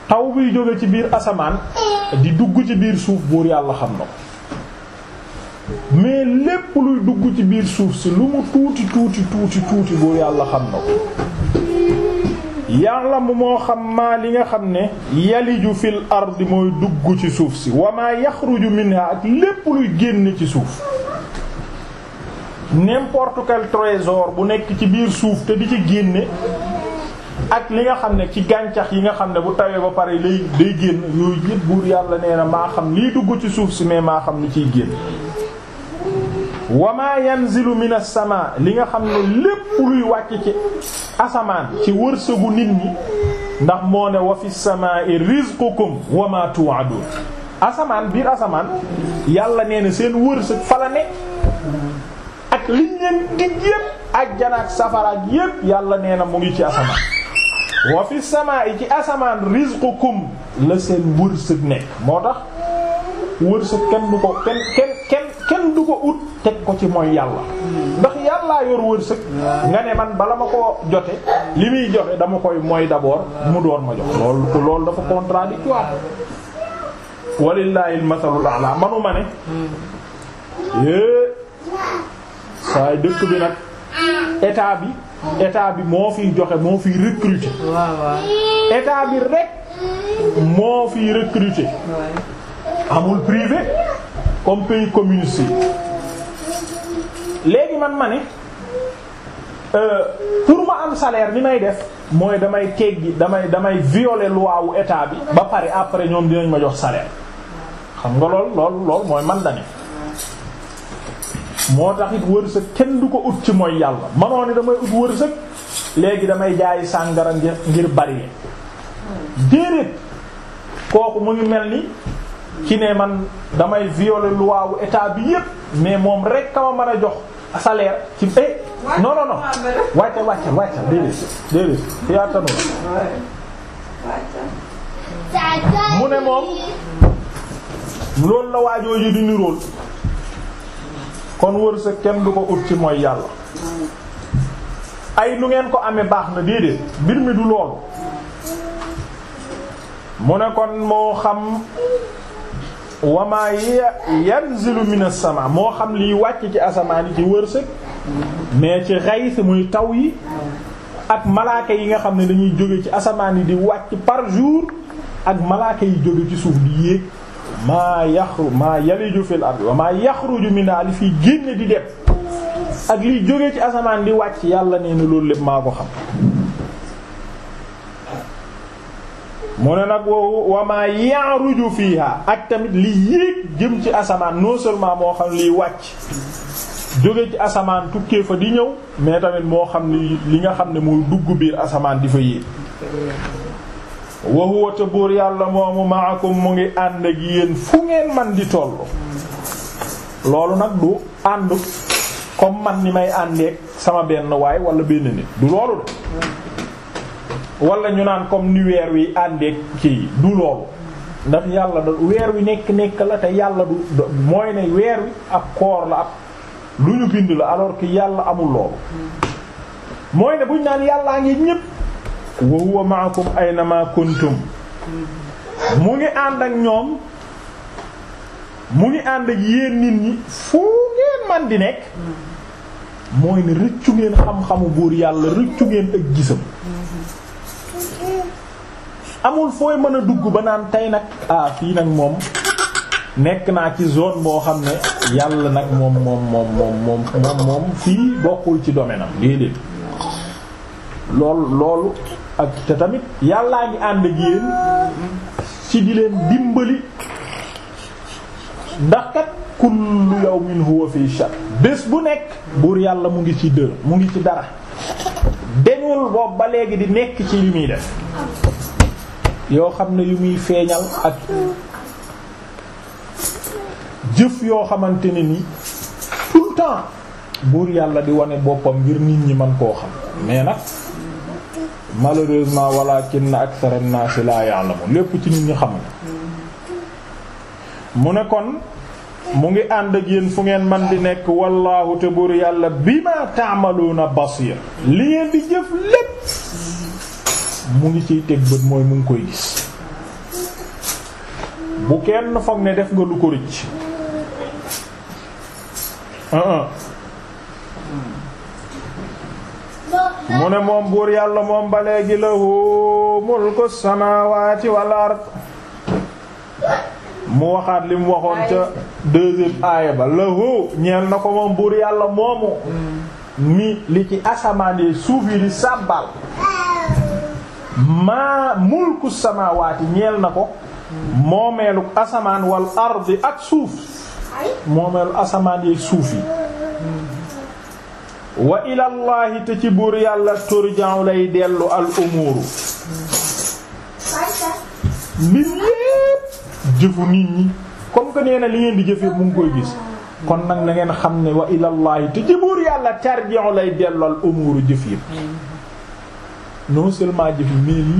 taw biy jóge ci biir asamaan di dugg ci biir suuf buur yàlla xam na ko mais lépp luy dugg ci biir suuf si lu mu tuuti tuuti tuuti tuuti buur yàlla xam na ko yàlla mu moo xam maa li nga xam ne yaliju fil ardi mooy dugg ci suuf si wa maa yaxruju minha ak lépp luy génn ci suuf n'importe quel trésor bu nekk ci biir suuf te di ci génne ak li nga xam ne ci gàncax yi nga xam ne bu tawee ba pare lay day génn yooyu yëpp buur yàlla nee na maa xam liy dugg ci suuf si mais maa xam ni ciy génn wama yanzilu minas sama li nga xam ne lépp luy wàcce ci asamaan ci wërsëgu nit ñi ndax moo ne wa fi samaa'i rizqukum wama tu'adun asamaan biir asamaan yàlla nee na seen wërsëg fa ne ak liñ leen dig yépp ajjana ak safaraat yépp yàlla nee na mu ngi ci asamaan wa fi samaa yi ci asamaan rizqukum la seen wërsëg nekk moo tax wërsëg kenn du ko kenn kenn kenn du ko ut teg ko ci mooy yàlla ndax yàllaa yor wërsëg nga ne man bala ma ko jote li muy joxe dama koy mooy d'abord mu doon ma jox loolu loolu dafa contradictoire walillahi almathalul a'la manuma ne eh, saay dëkk bi nag état bi état bi moo fiy joxe moo fiy recruter. waaw waaw état bi rek moo fiy recruter. amul privé comme pays communiste yi léegi man ma ne euh, pour ma am salaire ni may def mooy damay teggi damay damay violer loi wu état bi ba pare après ñoom dinañ ma jox salaire xam nga lool lool lool mooy man da moo tax it wërsëg kenn du ko ut ci mooy yàlla manoo ni damay ut wërsëg léegi damay jaayi sàngara ngir ngir bari déedéet kooku mu ngi mel ni ki ne man damay viole lu wu état bi yëpp mais moom rek kama man a jox salaire ci eh non non non wàcca déedéet déedéet yaatanu mu ne moom loolu la waajoo yi di nirool kon wërsëg kenn du ko ut ci mooy yàlla ay nu ngeen ko amee baax na déedéet mbir mi du loolu mu ne kon moo xam wamaa yanzilu min as-sama moo xam liy wàcc ci asamaan yi ci wërsëg mais ci xays muy taw yi ak malaaka yi nga xam ne dañuy jóge ci asamaan yi di wàcc par jour ak malaaka yi jóge ci suuf di yéeg maa yaxru maa yaliju fil ardi wa maa yaxruju minha li fi génne di dem ak liy jógee ci asamaan di wàcc yàlla nee na loolu lépp maa ko xam mu ne nag woowu wa maa fii fiha ak tamit li yéeg jëm ci asamaan non seulement moo xam liy wàcc jóge ci asamaan tukkee fa di ñëw mais tamit moo xam li li nga xam ne mooy dugg biir asamaan di fa yéeg wa huwa te buur yàlla moomu maakum mu ngi ànd ak yéen fu ngeen man di tollu loolu nag du ànd kom man ni may àndeek sama benn waay wala benn nit du loolu de wala ñu naan comme ni weer wi àndeek kii du loolu ndax yàlla da weer wi nekk nekk la te yàlla du mooy ne weer wi ab koor la ab lu ñu bind la alors ki yàlla amul loolu mooy ne buñ naan yàllaa ngi ñépp wa huwa ma'akum aynama kuntum mu ngi ànd ak ñoom mu ngi ànd ak yéen nit ñi fu ngeen man di nekk mooy ne rëccu ngeen xam-xamu buur yàlla rëccu ngeen ak gisam amul fooy mën a dugg ba naan tey nag ah fii nag moom nekk naa ci zone boo xam ne yàlla nag moom moom moom moom moom moom moom fii bokkul ci domaine am loolu loolu ak te tamit yàllaa ngi ànd ak yéen ci di leen dimbali ndax kat kullu yawmin huwa fi shar bés bu nekk buur yàlla mu ngi ci dër mu ngi ci dara deñul boobu ba léegi di nekk ci li muy def yoo xam ne yu muy feeñal ak jëf yoo xamante ne ni tout temps buur yàlla di wane boppam ngir nit ñi mën koo xam mais nag malheureusement walakin akthara an-nas la ya'lamun lépp ci nit ñi xam mu ne kon mu ngi ànd ak yéen fu ngeen man di nekk wallaahu te buur yàlla bima ta'maluna basir li ngeen di jëf lépp mu ngi ciy teg bët mooy mu ngi koy gis bu kenn foog ne def nga du ko rëcc mu ne moom buur yàlla moom ba léegi lahu mulku samaawaati wal ard mu waxaat li mu waxoon ca deuxième aaya ba lahu ñeel na ko moom buur yàlla moomu mi li ci asamaan yi suuf yi di sàbbal maa mulku samaawaati ñeel na ko moomeelu asamaan wal ardi ak suuf moomeelu asamaan yi suuf yi wa ilallahi te ci buur yàlla turja'u lay dellu al umuuru mbir yépp jëfu nit ñi comme que na li ngeen di jëf yépp mu gis kon nag na ngeen xam ne wa ilallahi te ci buur yàlla turja'u lay dellu al umuuru jëf yépp non seulement jëf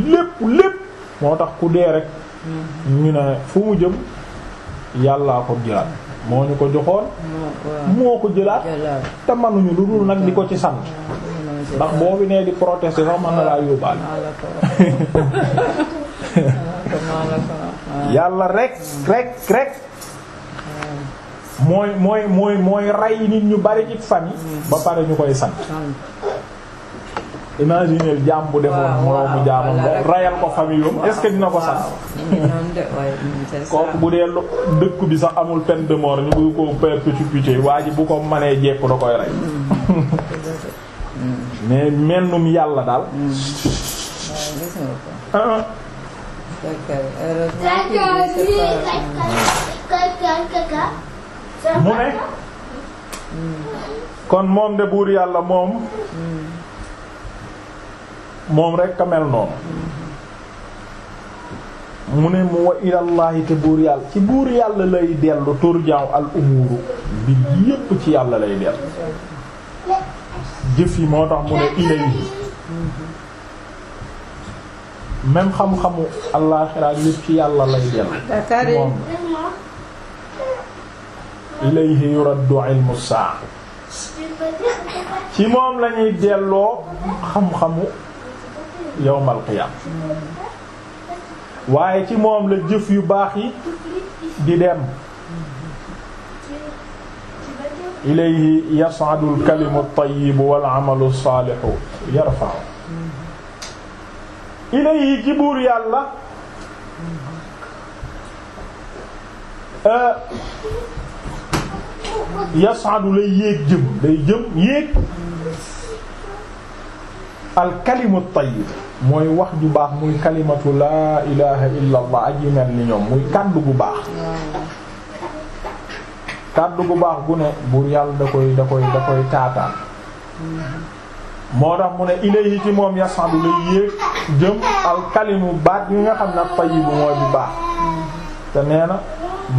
lépp lépp moo tax ku dee rek ñu ne fu mu jëm yàllaa ko jëlaat moo ñu ko joxoon moo ko jëlaat te manuñu lu dul nag di ko ci sant ndax boo nee di protester sax mën na laa yóbbaale yàlla rek rek rek mooy mooy mooy mooy rey nit ñu bari ci fan yi mm. ba pare ñu koy sant imaginez jaam bu defoon moroomu jaamam rayal ko famille am est dina ko sax kooku bu dee dëkk bi sax amul peine de mort ñu ngi ko perpétuité waa ji bu ko mënee jekku da koy rey hmm. yàlla daal hmm. ah, ah. mu ne hmm. kon moom de buur yàlla moom moom rek a mel noonu mu ne mu wa ilallahi te buur yàlla ci buur yàlla lay dellu turjaaw al umuru bi yépp ci yàlla lay dellu jëf yi moo tax mu ne ilayhi même xam-xamu allaaxiraat lépp ci yàlla lay dellu moom ilayhi yuraddu ilmu saa ci moom lañuy delloo xam-xamu yawmal qiyaam waaye ci moom la jëf yu baax yi di dem ilayhi yas'adu al-kalimu at-tayyibu wal 'amalu as-saalihu yarfa'u ilayhi ci buur yàlla eh, yas'adu lay yéeg jëm day jëm yéeg alkalimu tayyib mooy wax ju baax muy kalimatu laa ilaha illa allah yu mel ni ñoom muy kàddu gu baax kàddu gu baax gu ne buur yàlla da koy da koy da koy taataan moo tax mu ne ilayhi ci moom yasadu lay yéeg jëm alkalimu baat yi nga xam ne tayyibu mooy bu baax te nee na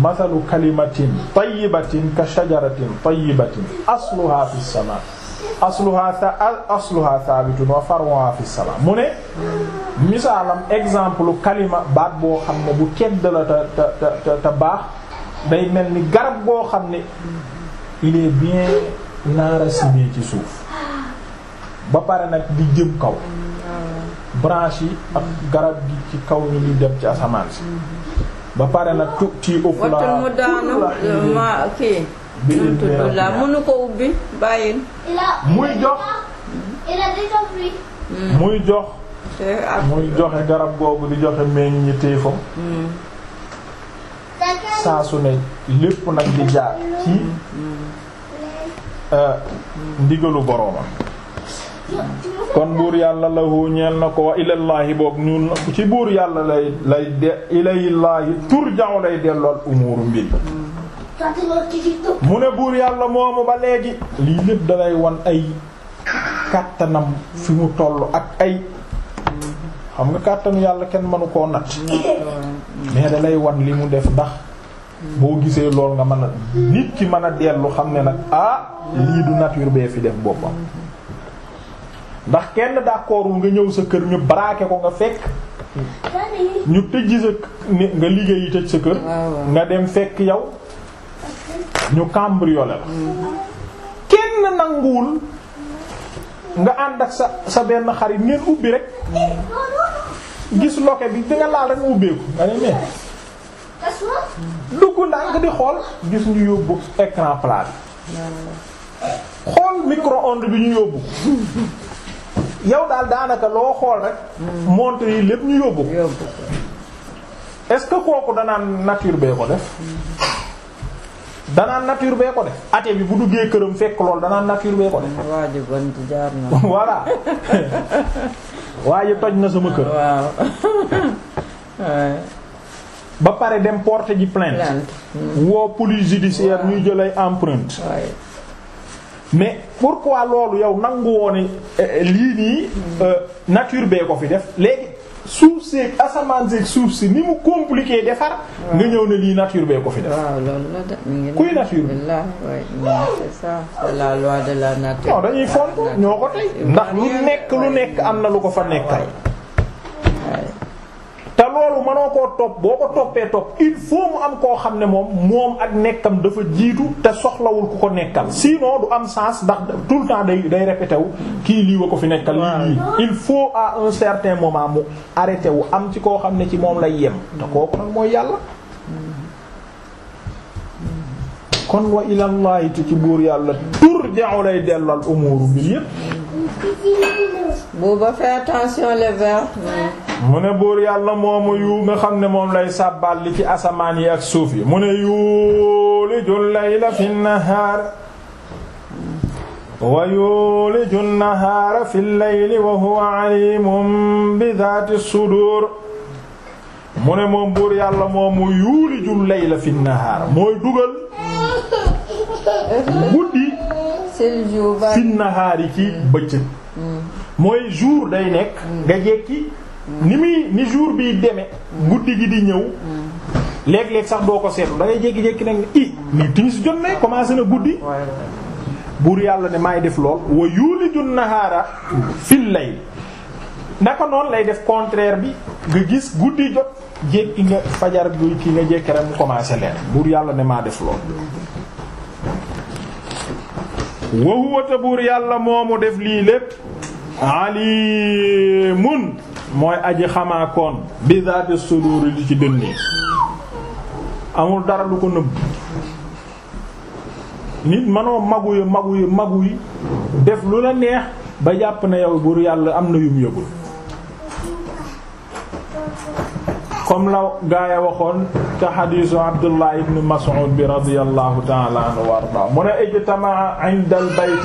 masalu kalimatin tayyibatin ka shajaratin tayyibatin asluha fis samaa asluha asluha thabitun wa far'uha fi salam mu ne misaalam exemple kalima baat boo xam ne bu tedd la te te te te baax day mel ni garab boo xam ne il est bien enraciné ci suuf ba pare nag di jëm kaw branche yi ak garab gi ci kaw ñu di dem ci asamaan si ba pare nag tu ci ëpp la mënu ko ubbi bàyyil hmm. muy jox muy jox muy joxe garab boobu di joxe meññ ñi téefam hmm. saa su ne lépp nag di jaar ci hmm. euh, ndigalu boroomam kon buur yàlla lahu ñeel na ko wa boobu ñun ci buur yàlla lay lay de ilayllaahi turja'u lay dellool umuuru mbir mu ne buur yàlla moomu ba léegi lii lépp dalay wan ay kàttanam fi mu toll ak ay xam nga kàttanu yàlla kenn mënu koo nat mais dalay wan li mu def ndax boo gisee lool nga mën a nit ki mën a dellu xam ne nag ah lii du nature bee fi def boppam ndax kenn wu nga ñëw sa kër ñu braqué ko nga fekk ñu tëj sa nga liggéey yi tëj sa kër nga dem fekk yow ñu cambriolé la kenn nanguwul nga ànd ak sa sa benn xarit ngeen ubbi rek gis loke bi di nga laal rek ubbeeku nga ne mais dugg ndànk di xool gis ñu yóbbu écran plat bi xool micro-ondes bi ñu yóbbu yow daal daanaka loo xool rek montre yi lépp ñu yóbbu est-ce que kooku danaa nature bee ko def danaan nature bee ko def ate bi bu duggee kër këram fekk loolu danaan nature bee ko def. waa ji bon jaar na. voilà waaye toj na sama kër. waaw. ba pare dem porter ji plainte. Hmm. woo police judiciaire ñuy jëlay empreinte. mais pourquoi loolu yow nangu woon eh, eh, lii nii. Hmm. Euh, nature bee ko fi def léegi suuf seeg asamaan seeg suuf si ni mu compliqué defar. Ah. nga ñëw ne lii nature bee ko fi def. Ah, mi ngi. kuy nature bi c'est ça c'est la loi de la nature. non dañuy font ñoo ko tey. ndax lu nekk lu nekk am na lu ko fa nekkal. loolu mënoo koo topp boo ko toppee topp il faut mu am koo xam ne moom moom ak nekkam dafa jiitu te soxlawul ku ko nekkal sinon du am sens ndax tout le temps day day répété wu kii lii wa ko fi nekkal lii il faut à un certain moment mu arrêté wu am ci koo xam ne ci moom lay yem te kooku nag mooy yàlla kon wa ilallaahi ci buur yàlla turja'u lay dellal umuuru bi yépp buuba fais attention les vers. mu ne buur yàlla moomu yu nga xam ne moom lay sàbbal li ci asamaan yi ak suuf yi mu ne yuulijul layla fi nahaar wa yuuliju nahaara fi leyli wa huwa alimun bi daati sudur mu ne moom buur yàlla moomu yuuliju leyla fi nahaara mooy dugal guddi naxaar yi ci bëccëg mooy jour day nekk nga jekki ni muy ni jour biy demee guddi gi di ñëw léeg-léeg sax doo ko seetlu da ngay jékki-jékki nag i nii timis jot na commencé na guddi buur yàlla ne maay def lool wa yuliju nahaara fil layl naka noonu lay def contraire bi nga gis guddi jot jékki nga fajar bi kii nga jékki rek mu commencé leer buur yàlla ne maa def lool wa huwa tabuur yàlla moomu def lii lépp alimun mooy aji xamaakoon bi zaati suduur li ci dënn yi amul dara lu ko nëbb nit manoo magu yi magu yi def lu la neex ba jàpp na yow buur yàlla am na yum yëgul comme la gaaya waxoon ca xadiisu Abdullah ibn Mas'ud bi radiyallahu ta'ala anhu wa arda mu ne ijtama'a 'inda al-bayt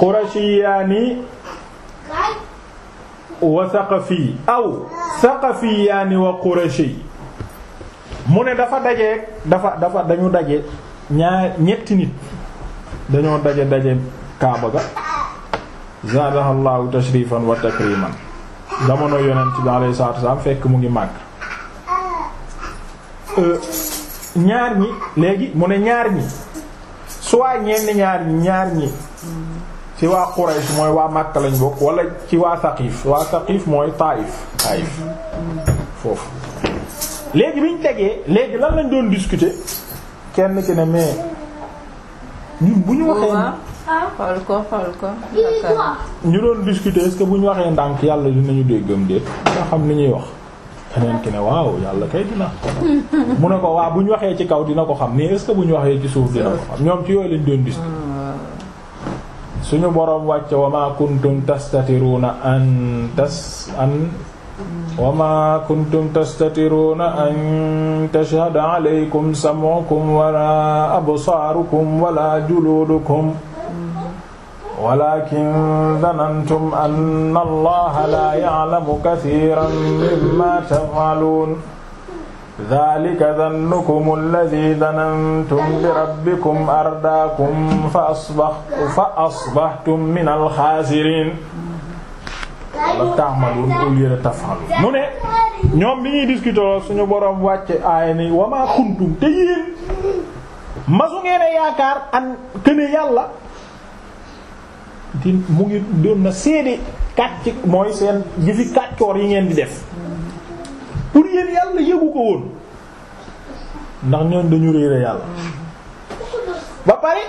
qurashiyaani wa thaqafi aw thaqafiyaani wa qurashi mu ne dafa daje dafa dafa dañu daje ñaar ñetti nit dañoo daje daje Kaaba ga zaadahallahu tashrifan wa takriman jamono yonent ci alayhi salaatu wa fekk mu ngi màgg euh, ñaar ñi léegi mu ne ñaar ñi soit ñenn ñaar ñi ñaar ñi ci waa Quraysh mooy waa Makka lañ bokk wala ci waa Saqif waa Saqif mooy Taif Taif foofu léegi biñ tegee léegi lan lañ doon discuter kenn ci ne mais ñun bu ñu waxee xool ko xool ko. ñu doon discuter est-ce que bu ñu waxee ndànk yàlla dinañu déggam déet nga xam ni ñuy wax. keneen ki ne waaw yàlla kay dina mu ne ko waaw bu ñu waxee ci kaw dina ko xam mais est-ce que ñu waxee ci suuf dina ko xam ñoom ci yooyu lañ doon discuter. Hmm. suñu boroom wàcce wa ma kuntum tastatiruna an tas an. wa ma kuntum tastatiruna an tashhada alaykum sam'ukum wala absarukum wala juludukum walakin danantum anna allaha laa ya'lamu kathiran mimma taf'aluun dhalika dhannukum alladhi danantum bi rabbikum ardaakum fa asbahtum min alxaasiriin la ta'maluun au lieu de taf'aluun mu ne ñoom bi ñuy discuter suñu boroom wàcce aaya ni wa maa kuntum te yéen masu ngeen yaakaar an këne yàlla di mu ngi doon na seede kàcc mooy seen jëfi kàccoor yi ngeen di def pour yéen yàlla yëgu ko woon ndax ñoon dañu réere yàlla ba pare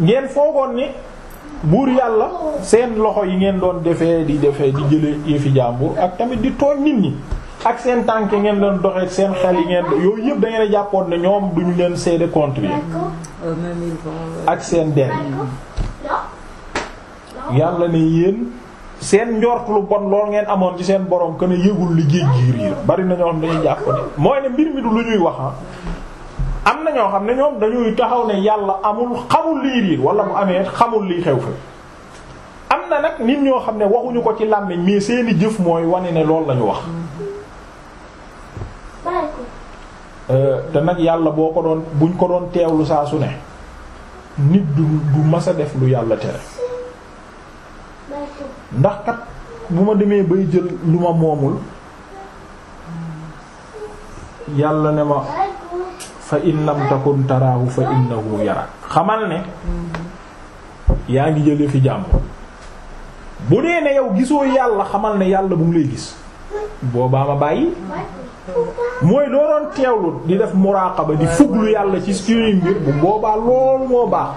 ngeen foogoon ni buur yàlla seen loxo yi ngeen doon defee di defee di jële yëfi jàmbur ak tamit di tooñ nit ñi ak seen tànk ngeen doon doxee seen xel yi yooyu yëpp da ngeen a jàppoon ne ñoom duñu leen seede contre bi euh, euh, ak seen der yàlla ne yéen seen njort lu bon lool ngeen amoon ci seen borom que ne yëgul liggéey géej riir bari na ñoo xam dañuy jàpp ne mooy ne mbir lu ñuy wax ah. am na ñoo xam ne ñoom dañuy taxaw ne yàlla amul xamul lii riir wala mu amee xamul lii xew fa am na nag nit ñoo xam ne waxuñu ko ci làmmiñ mais seeni jëf mooy wane ne loolu lañu wax euh, te nag yàlla boo ko doon buñ ko doon teewlu saa su ne nit du du masa def lu yàlla tere ndax kat bu ma demee bay jël lu ma moomul yàlla ne ma fa in lam takun fa innahu yarak xamal ne yaa ngi jële fi jàmm bu dee ne yow gisoo yàlla xamal ne yàlla bu mu lay gis boobaa ma bàyyi mooy doo doon teewlu di def muraqaba di fuglu yàlla ci suñuy mbir bu boobaa loolu moo baax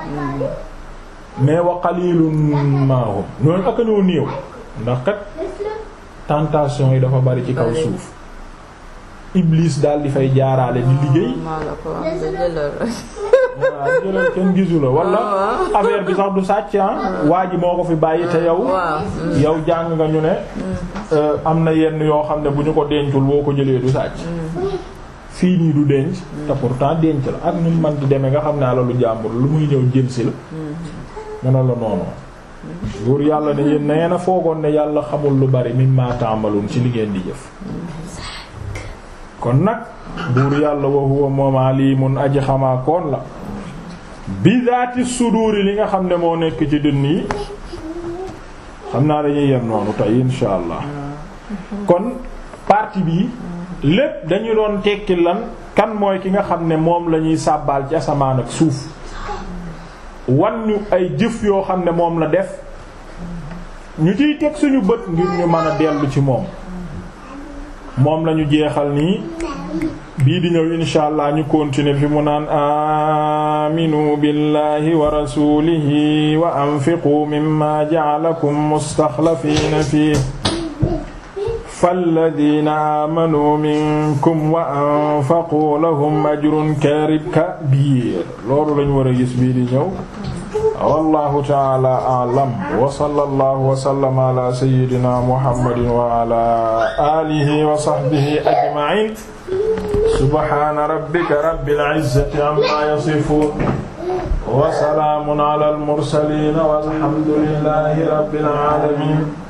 mais wa qalilun ma hum ñooñu ak ñoo néew ndax kat tentation yi dafa bari ci kaw suuf iblis daal di fay jaaraale di liggéey ah, waaw jëlal kenn gisu la wala ah, affaire bi sax du sàcc ah. waa ji moo ko fi bàyyi te yow mm. yow jàng nga ñu ne mm. euh, am na yenn yoo xam ne bu ñu ko dencul boo ko jëlee du sàcc mm. fii nii du denc te pourtant denc la ak ñu man di demee nga xam ne alalu jàmbur lu muy ñëw jëm si la ñu ne la noonu buur yàlla ne yéen na a foogoon ne yàlla xamul lu bari mimma ta'malun ci li di jëf kon nag buur yàlla wa huwa moom aji xamaa koon la bi zaati suduuri li nga xam ne moo nekk ci dënn yi xam naa dañuy yem noonu tey insha kon partie bi lépp dañu doon tekki lan kan mooy ki nga xam ne moom lañuy ñuy sàbbaal ci asamaan ak suuf wan ñu ay jëf yoo xam ne moom la def ñu ciy teg suñu bët ngir ñu mën a dellu ci moom moom lañu jeexal nii bii di ñëw insha allah ñu continuer fi mu naan aminu billahi wa rasulihi wa anfiqu mimma ja'alakum mustaxlafiina fii falladiina amanu minkum wa anfaqu lahum ajrun kabiir loolu lañu war a gis bii di ñëw wallahu taala alam wa sallallahu wa sallama ala sayyidina muhammadin wa ala alihi wa sahbihi ajma'in subhana rabbika rabbil izzati amma yasifun wa salamun ala al mursalin walhamdulillahi rabbil alamin